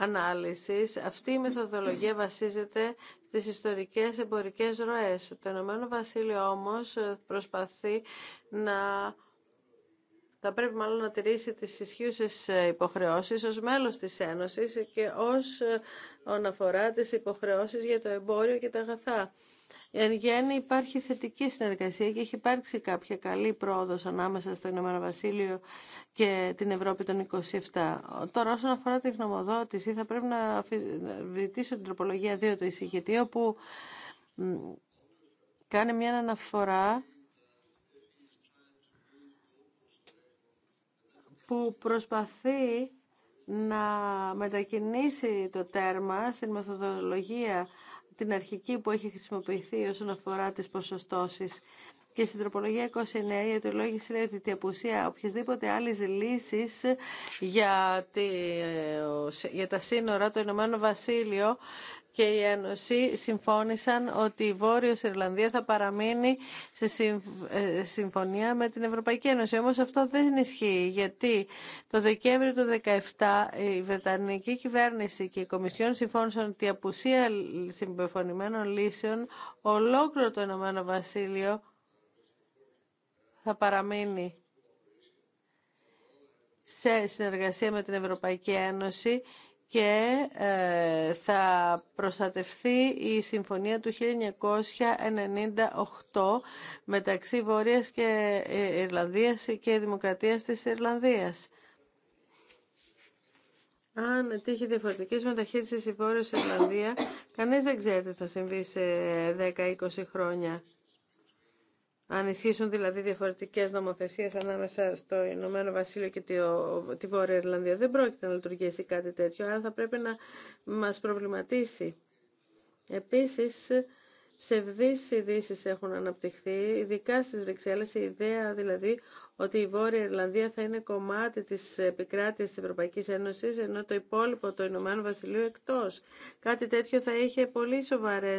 ανάλυσης, αυτή η μεθοδολογία βασίζεται στις ιστορικές εμπορικές ροές. Το Ηνωμένο Βασίλειο όμως προσπαθεί να θα πρέπει μάλλον να τηρήσει τις ισχύουσες υποχρεώσεις ως μέλος της Ένωσης και ως ε, αναφορά τις υποχρεώσεις για το εμπόριο και τα αγαθά. Εν γέννη υπάρχει θετική συνεργασία και έχει υπάρξει κάποια καλή πρόοδος ανάμεσα στο Ηνωμένο Βασίλειο και την Ευρώπη των 27. Τώρα όσον αφορά την γνωμοδότηση θα πρέπει να ζητήσω την τροπολογία 2 του εισηγητή όπου κάνει μια αναφορά που προσπαθεί να μετακινήσει το τέρμα στην μεθοδολογία την αρχική που έχει χρησιμοποιηθεί όσον αφορά τις ποσοστώσεις. Και στην τροπολογία 29 η αιτιολόγηση λέει ότι η απουσία οποιασδήποτε άλλη λύση για, για τα σύνορα, το Ηνωμένο Βασίλειο και η Ένωση συμφώνησαν ότι η Βόρειος Ιρλανδία θα παραμείνει σε ε, συμφωνία με την Ευρωπαϊκή Ένωση. Όμως αυτό δεν ισχύει γιατί το Δεκέμβριο του 2017 η Βρετανική κυβέρνηση και η Κομισιόν συμφώνησαν ότι η απουσία συμπεφωνημένων λύσεων ολόκληρο το Ηνωμένο Βασίλειο θα παραμείνει σε συνεργασία με την Ευρωπαϊκή Ένωση και ε, θα προστατευθεί η Συμφωνία του 1998 μεταξύ Βόρειας και ε, Ιρλανδίας και Δημοκρατίας της Ιρλανδίας. Αν τύχει διαφορετική μεταχείριση η Βόρεια Ιρλανδία, κανείς δεν ξέρει τι θα συμβεί σε 10-20 χρόνια. Αν ισχύσουν δηλαδή διαφορετικέ νομοθεσίε ανάμεσα στο Ηνωμένο Βασίλειο και τη Βόρεια Ιρλανδία, δεν πρόκειται να λειτουργήσει κάτι τέτοιο, άρα θα πρέπει να μα προβληματίσει. Επίση, ψευδεί ειδήσει έχουν αναπτυχθεί, ειδικά στι Βρυξέλλε, η ιδέα δηλαδή ότι η Βόρεια Ιρλανδία θα είναι κομμάτι τη επικράτεια τη Ευρωπαϊκή Ένωση ενώ το υπόλοιπο το Ηνωμένο Βασιλείο εκτό. Κάτι τέτοιο θα είχε πολύ σοβαρέ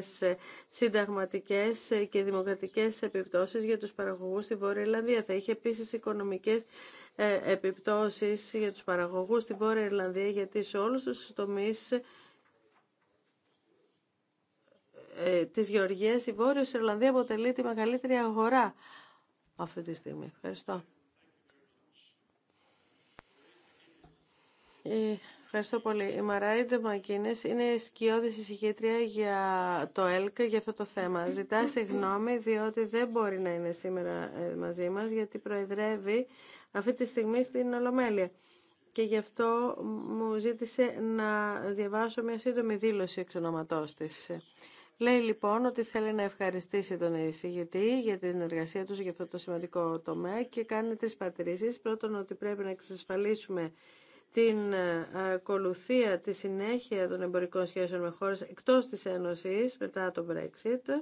συνταγματικέ και δημοκρατικέ επιπτώσει για του παραγωγού στη Βόρεια Ιρλανδία. Θα είχε επίση οικονομικέ ε, επιπτώσει για του παραγωγού στη Βόρεια Ιρλανδία, γιατί σε όλου τους τομεί ε, της Γεωργίας η Βόρεια Ιρλανδία αποτελεί τη μεγαλύτερη αγορά αυτή τη στιγμή. Ευχαριστώ. Ε, ευχαριστώ πολύ. Η Μαράιντε Μακίνες είναι σκιώδη εισηγήτρια για το ΕΛΚ για αυτό το θέμα. Ζητά συγγνώμη διότι δεν μπορεί να είναι σήμερα ε, μαζί μας γιατί προεδρεύει αυτή τη στιγμή στην Ολομέλεια. Και γι' αυτό μου ζήτησε να διαβάσω μια σύντομη δήλωση εξ ονοματός της. Λέει λοιπόν ότι θέλει να ευχαριστήσει τον εισηγητή για την εργασία τους για αυτό το σημαντικό τομέα και κάνει τρεις πατρίσει. Πρώτον ότι πρέπει να εξασφαλίσουμε την ε, ακολουθία, τη συνέχεια των εμπορικών σχέσεων με χώρες εκτός της Ένωσης μετά το Brexit,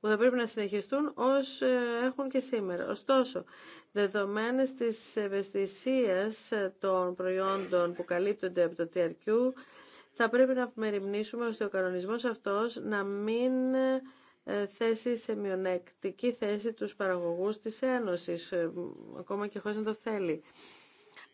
που θα πρέπει να συνεχιστούν ως ε, έχουν και σήμερα. Ωστόσο, δεδομένες της ευαισθησίας ε, των προϊόντων που καλύπτονται από το TRQ, θα πρέπει να μεριμνήσουμε ώστε ο κανονισμός αυτός να μην θέσει σε μειονεκτική θέση τους παραγωγούς της Ένωσης, ακόμα και χωρίς να το θέλει.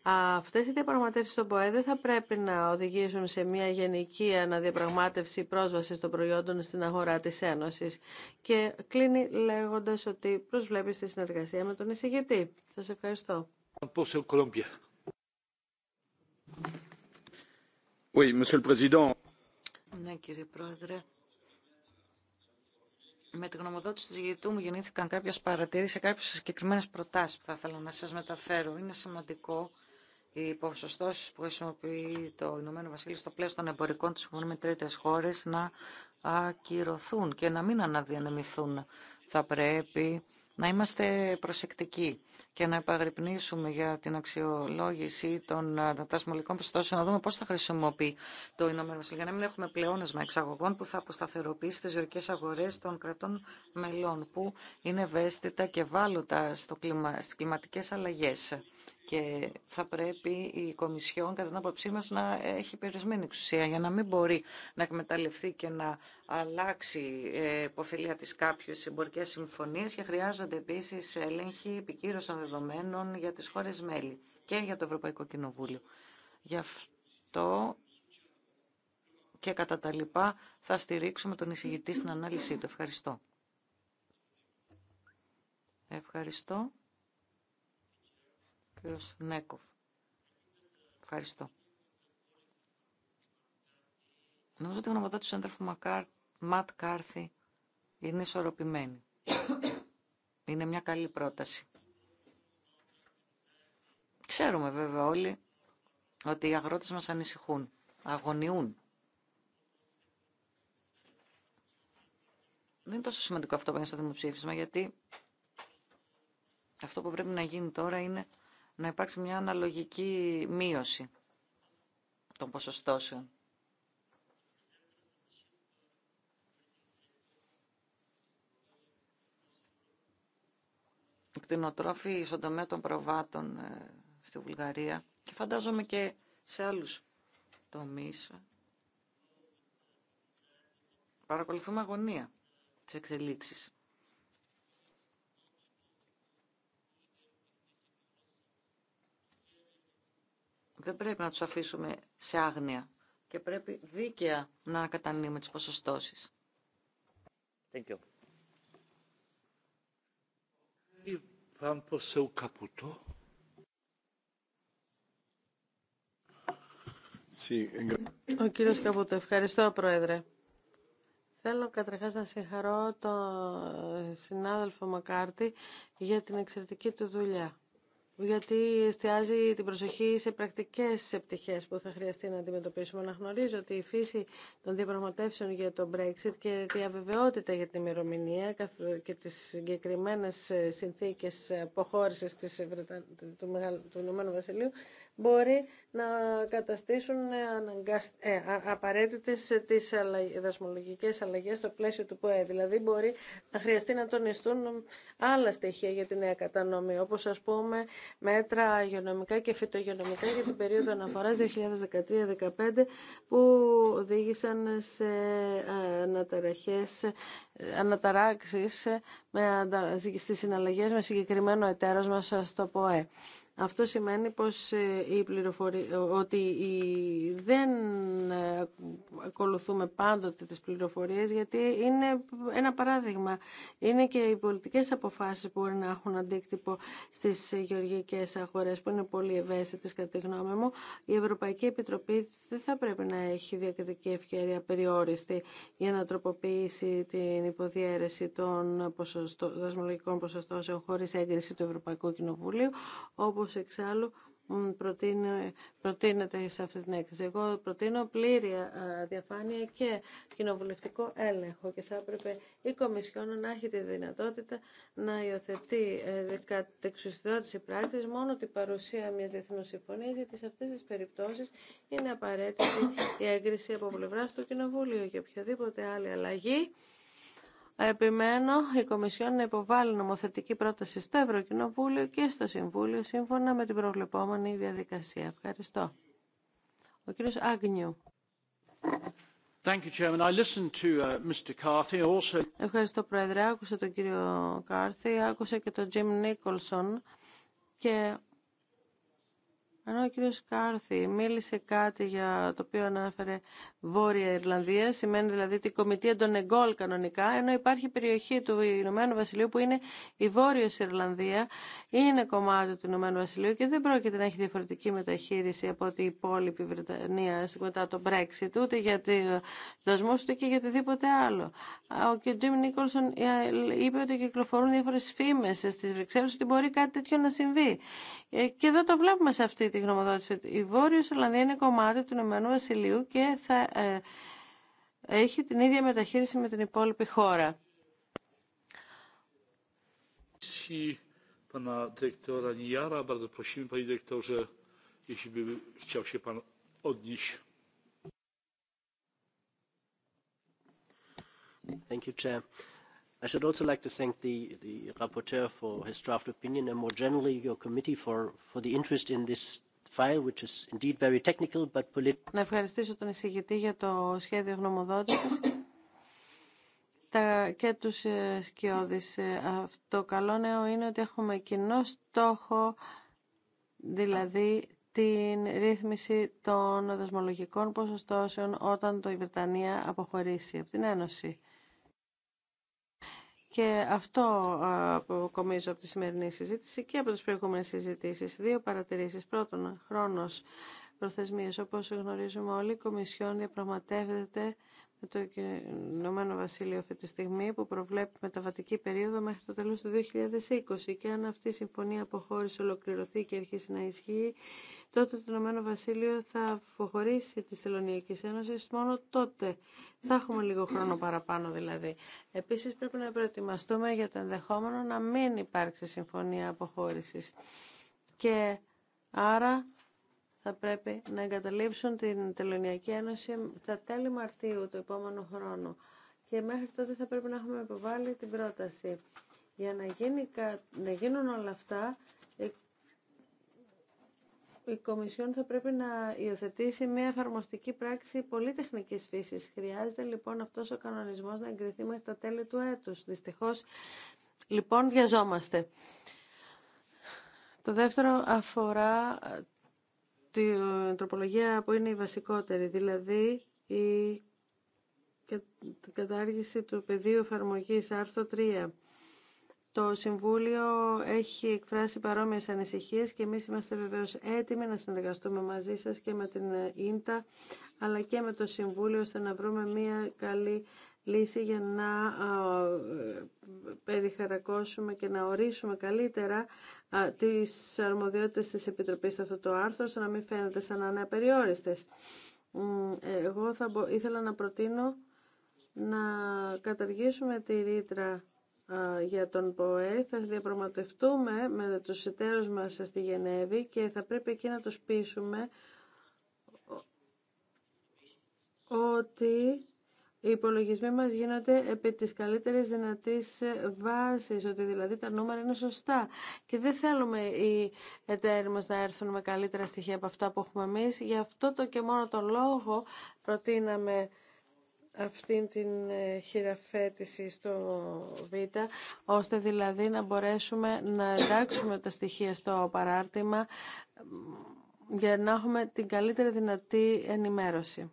Αυτέ οι διαπραγματεύσει στον ΠΟΕ δεν θα πρέπει να οδηγήσουν σε μια γενική αναδιαπραγμάτευση πρόσβαση των προϊόντων στην αγορά τη Ένωση Και κλείνει λέγοντα ότι προσβλέπει στη συνεργασία με τον εισηγητή. Σα ευχαριστώ. Oui, Monsieur le Président. Ναι, κύριε Πρόεδρε. Με την γνωμοδότηση του γητού μου γεννήθηκαν κάποιε παρατηρήσει σε κάποιε συγκεκριμένε προτάσει που θα ήθελα να σα μεταφέρω. Είναι σημαντικό οι ποσοστό που χρησιμοποιεί το Ηνωμένο Βασίλειο στο πλαίσιο των εμπορικών του με χώρε να ακυρωθούν και να μην αναδιανεμηθούν. Θα πρέπει να είμαστε προσεκτικοί και να επαγρυπνήσουμε για την αξιολόγηση των ε, τασμολικών προσθέσεων να δούμε πώ θα χρησιμοποιεί το Ηνωμένο Βασίλειο, για να μην έχουμε πλεόνασμα εξαγωγών που θα αποσταθεροποιήσει τι ζωικέ αγορέ των κρατών μελών, που είναι ευαίσθητα και βάλλοντα κλιμα, στι κλιματικέ αλλαγέ. Και θα πρέπει η Κομισιόν, κατά την άποψή μα, να έχει περιορισμένη εξουσία για να μην μπορεί να εκμεταλλευτεί και να αλλάξει ε, υποφιλία τη κάποιε εμπορικέ συμφωνίε και χρειάζονται επίση έλεγχοι επικύρωσαν για τις χώρες μέλη και για το Ευρωπαϊκό Κοινοβούλιο. Γι' αυτό και κατά τα λοιπά θα στηρίξουμε τον εισηγητή στην ανάλυση του. Ευχαριστώ. Ευχαριστώ. Κύριος Νέκοφ. Ευχαριστώ. Νομίζω ότι η γνωμοδότηση του έντραφου Ματ Κάρθη είναι ισορροπημένη. είναι μια καλή πρόταση. Ξέρουμε βέβαια όλοι ότι οι αγρότες μας ανησυχούν, αγωνιούν. Δεν είναι τόσο σημαντικό αυτό που είναι στο δημοψήφισμα, γιατί αυτό που πρέπει να γίνει τώρα είναι να υπάρξει μια αναλογική μείωση των ποσοστώσεων. Οι κτηνοτρόφοι στον τομέα των προβάτων ε, στη Βουλγαρία και φαντάζομαι και σε άλλους τομείς. Παρακολουθούμε αγωνία τις εξελίξεις. Δεν πρέπει να τους αφήσουμε σε άγνοια και πρέπει δίκαια να ανακατανύουμε τις ποσοστώσεις. Thank you. Ο κύριος Καπούτο, ευχαριστώ Πρόεδρε. Θέλω καταρχάς να συγχαρώ τον συνάδελφο Μακάρτη για την εξαιρετική του δουλειά γιατί εστιάζει την προσοχή σε πρακτικές επιτυχίες που θα χρειαστεί να αντιμετωπίσουμε. Να γνωρίζω ότι η φύση των διαπραγματεύσεων για το Brexit και τη αβεβαιότητα για την ημερομηνία και τις συγκεκριμένες συνθήκες αποχώρησης του Ηνωμένου Βασιλείου μπορεί να καταστήσουν ε, ε, απαραίτητες ε, τις δασμολογικές αλλαγές στο πλαίσιο του ΠΟΕ. Δηλαδή μπορεί να χρειαστεί να τονιστούν άλλα στοιχεία για την νέα κατανομή, όπως ας πούμε μέτρα αγιονομικά και φυτογειονομικά για την περίοδο αναφοράς 2013-2015 που οδήγησαν σε αναταραχές, αναταράξεις με, στις συναλλαγές με συγκεκριμένο εταίρος μας στο ΠΟΕ. Αυτό σημαίνει πως ε, η ε, ότι η, δεν ε, ακολουθούμε πάντοτε τις πληροφορίες γιατί είναι ένα παράδειγμα. Είναι και οι πολιτικές αποφάσεις που μπορεί να έχουν αντίκτυπο στις γεωργικές αγορές που είναι πολύ ευαίσθητες κατά τη γνώμη μου. Η Ευρωπαϊκή Επιτροπή δεν θα πρέπει να έχει διακριτική ευκαιρία περιόριστη για να τροποποιήσει την υποδιέρεση των ποσοστό, δασμολογικών ποσοστώσεων χωρίς έγκριση του Ευρωπαϊκού Κοινοβουλίου, όπως όπως εξάλλου προτείνεται σε αυτή την έκθεση. Εγώ προτείνω πλήρη διαφάνεια και κοινοβουλευτικό έλεγχο και θα έπρεπε η Κομισιόν να έχει τη δυνατότητα να υιοθετεί ε, εξουσιοδότηση πράξη μόνο την παρουσία μιας διεθνούς συμφωνίας γιατί σε αυτές τις περιπτώσεις είναι απαραίτητη η έγκριση από πλευρά του Κοινοβούλιο για οποιαδήποτε άλλη αλλαγή Επιμένω η Κομισιόν να υποβάλει νομοθετική πρόταση στο Ευρωκοινοβούλιο και στο Συμβούλιο σύμφωνα με την προβλεπόμενη διαδικασία. Ευχαριστώ. Ο κύριος Άγνιου. Ευχαριστώ, Πρόεδρε. Άκουσα τον κύριο Κάρθι, άκουσα και τον Τζιμ Νίκολσον και ενώ ο κύριος Κάρθη μίλησε κάτι για το οποίο ανάφερε Βόρεια Ιρλανδία, σημαίνει δηλαδή την Κομιτεία των Εγκόλ κανονικά, ενώ υπάρχει περιοχή του Ηνωμένου Βασιλείου που είναι η Βόρειο Ιρλανδία, είναι κομμάτι του Ηνωμένου Βασιλείου και δεν πρόκειται να έχει διαφορετική μεταχείριση από την υπόλοιπη Βρετανία μετά το Brexit, ούτε για του δασμού ούτε και για οτιδήποτε άλλο. Ο κ. Τζιμ Νίκολσον ε, είπε ότι κυκλοφορούν διάφορε φήμε στι Βρυξέλλε ότι μπορεί κάτι τέτοιο να συμβεί. Ε, και δεν το βλέπουμε σε αυτή τη γνωμοδότηση. Η Βόρεια Ολλανδία είναι κομμάτι του Ηνωμένου Βασιλείου και θα ε, έχει την ίδια μεταχείριση με την υπόλοιπη χώρα. Thank you, Chair. I should also like to thank the, the rapporteur for his draft opinion and more generally your committee for, for the interest in this file, which is indeed very technical but political. Να ευχαριστήσω τον εισηγητή για το σχέδιο γνωμοδότησης τα, και τους ε, σκιώδεις. Ε, αυτό καλό νέο είναι ότι έχουμε κοινό στόχο, δηλαδή την ρύθμιση των δεσμολογικών ποσοστώσεων όταν το η Βρετανία αποχωρήσει από την Ένωση. Και αυτό αποκομίζω ε, από τη σημερινή συζήτηση και από τις προηγούμενες συζητήσεις. Δύο παρατηρήσεις. Πρώτον, χρόνος προθεσμίες. Όπως γνωρίζουμε όλοι, η Κομισιόν διαπραγματεύεται με το Ηνωμένο Βασίλειο αυτή τη στιγμή που προβλέπει μεταβατική περίοδο μέχρι το τέλος του 2020 και αν αυτή η συμφωνία αποχώρηση ολοκληρωθεί και αρχίσει να ισχύει, τότε το Ηνωμένο Βασίλειο θα αποχωρήσει τη Τελωνιακή Ένωση μόνο τότε. Θα έχουμε λίγο χρόνο παραπάνω δηλαδή. Επίσης πρέπει να προετοιμαστούμε για το ενδεχόμενο να μην υπάρξει συμφωνία αποχώρησης. Και άρα θα πρέπει να εγκαταλείψουν την Τελωνιακή Ένωση τα τέλη Μαρτίου του επόμενου χρόνου. Και μέχρι τότε θα πρέπει να έχουμε υποβάλει την πρόταση. Για να, να γίνουν όλα αυτά η Κομισιόν θα πρέπει να υιοθετήσει μια εφαρμοστική πράξη πολύ τεχνική φύση. Χρειάζεται λοιπόν αυτό ο κανονισμό να εγκριθεί μέχρι τα τέλη του έτου. Δυστυχώ λοιπόν βιαζόμαστε. Το δεύτερο αφορά ε, την ε, τροπολογία που είναι η βασικότερη, δηλαδή η κατάργηση του πεδίου εφαρμογή άρθρο 3. Το Συμβούλιο έχει εκφράσει παρόμοιες ανησυχίες και εμείς είμαστε βεβαίως έτοιμοι να συνεργαστούμε μαζί σας και με την ΙΝΤΑ αλλά και με το Συμβούλιο ώστε να βρούμε μια καλή λύση για να περιχαρακώσουμε και να ορίσουμε καλύτερα τις αρμοδιότητες της Επιτροπής σε αυτό το άρθρο, ώστε να μην φαίνεται σαν να είναι απεριόριστες. Εγώ ήθελα να προτείνω να καταργήσουμε τη ρήτρα για τον ΠΟΕ θα διαπραγματευτούμε με τους εταίρους μας στη Γενέβη και θα πρέπει εκεί να το πείσουμε ότι οι υπολογισμοί μας γίνονται επί της καλύτερης δυνατής βάσης, ότι δηλαδή τα νούμερα είναι σωστά. Και δεν θέλουμε οι εταίροι μας να έρθουν με καλύτερα στοιχεία από αυτά που έχουμε εμείς. Γι' αυτό το και μόνο το λόγο προτείναμε αυτήν την ε, χειραφέτηση στο Β, ώστε δηλαδή να μπορέσουμε να εντάξουμε τα στοιχεία στο παράρτημα για να έχουμε την καλύτερη δυνατή ενημέρωση.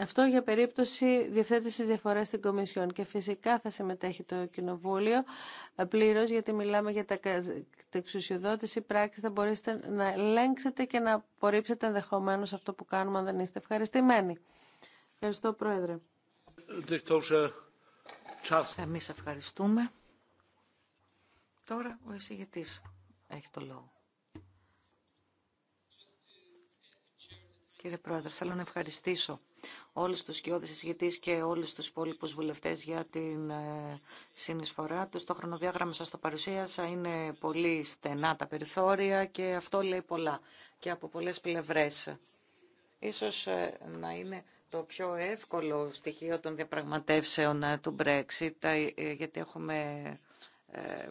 Αυτό για περίπτωση διευθέτησης διαφορά στην Κομισιόν και φυσικά θα συμμετέχει το Κοινοβούλιο ε, πλήρως γιατί μιλάμε για τα εξουσιοδότηση πράξη θα μπορείτε να ελέγξετε και να απορρίψετε ενδεχομένω αυτό που κάνουμε αν δεν είστε ευχαριστημένοι. Ευχαριστώ Πρόεδρε. Εμεί ευχαριστούμε. Τώρα ο εισηγητή έχει το λόγο. Κύριε Πρόεδρε, θέλω να ευχαριστήσω όλους τους σκιώδες εισηγητής και όλους τους υπόλοιπου βουλευτές για την ε, συνεισφορά τους. Το χρονοδιάγραμμα σας το παρουσίασα είναι πολύ στενά τα περιθώρια και αυτό λέει πολλά και από πολλές πλευρές. Ίσως ε, να είναι το πιο εύκολο στοιχείο των διαπραγματεύσεων ε, του Brexit, γιατί έχουμε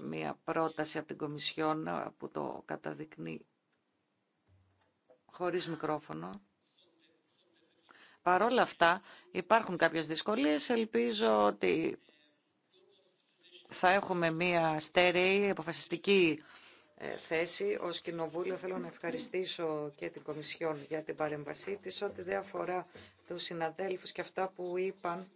μία πρόταση από την Κομισιόν που το καταδεικνύει χωρίς μικρόφωνο. Παρ' όλα αυτά υπάρχουν κάποιες δυσκολίες. Ελπίζω ότι θα έχουμε μία στερεή, αποφασιστική ε, θέση. Ως Κοινοβούλιο θέλω να ευχαριστήσω και την Κομισιόν για την παρέμβασή της. Ό,τι δεν αφορά τους συναδέλφους και αυτά που είπαν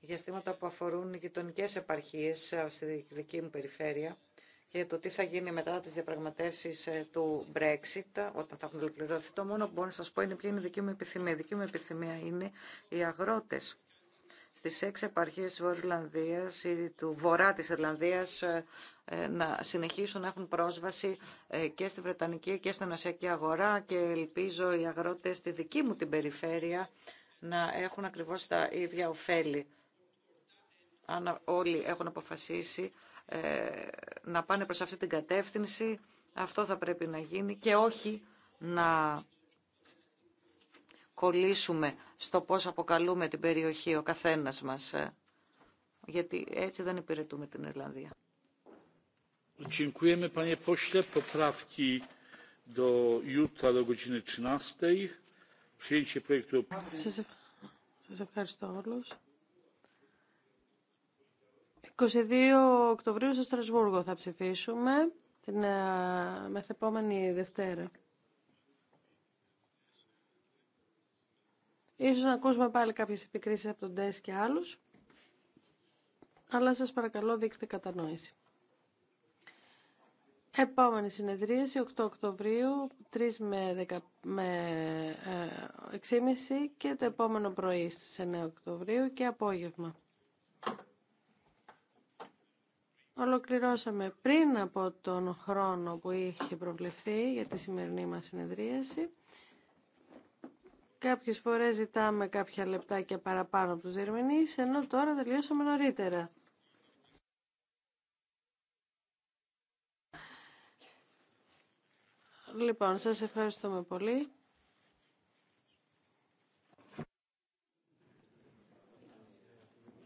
για στήματα που αφορούν γειτονικέ επαρχίες ε, στη δική μου περιφέρεια για το τι θα γίνει μετά τις διαπραγματεύσεις ε, του Brexit, όταν θα έχουν ολοκληρωθεί. Το μόνο που μπορώ να σας πω είναι ποια είναι η δική μου επιθυμία. Η δική μου επιθυμία είναι οι αγρότες στις έξι επαρχίες της ή του βορρά της Ιρλανδίας ε, ε, να συνεχίσουν να έχουν πρόσβαση και στη Βρετανική και στην Ασιακή αγορά και ελπίζω οι αγρότες στη δική μου την περιφέρεια να έχουν ακριβώς τα ίδια ωφέλη. Αν όλοι έχουν αποφασίσει ε, να πάνε προς αυτή την κατεύθυνση. Αυτό θα πρέπει να γίνει και όχι να κολλήσουμε στο πώς αποκαλούμε την περιοχή ο καθένας μας. Ε, γιατί έτσι δεν υπηρετούμε την Ιρλανδία. Dziękujemy panie pośle. Poprawki do jutra do godziny 13. Przyjęcie projektu. Σας e- ευχαριστώ όλους. 22 Οκτωβρίου στο Στρασβούργο θα ψηφίσουμε την ε, μεθεπόμενη Δευτέρα. Ίσως να ακούσουμε πάλι κάποιες επικρίσεις από τον ΤΕΣ και άλλους, αλλά σας παρακαλώ δείξτε κατανόηση. Επόμενη συνεδρίαση 8 Οκτωβρίου, 3 με, 10, με 6.30 ε, και το επόμενο πρωί στις 9 Οκτωβρίου και απόγευμα. Ολοκληρώσαμε πριν από τον χρόνο που είχε προβλεφθεί για τη σημερινή μας συνεδρίαση. Κάποιες φορές ζητάμε κάποια λεπτάκια παραπάνω από τους Ζερμενείς, ενώ τώρα τελειώσαμε νωρίτερα. Λοιπόν, σας ευχαριστούμε πολύ.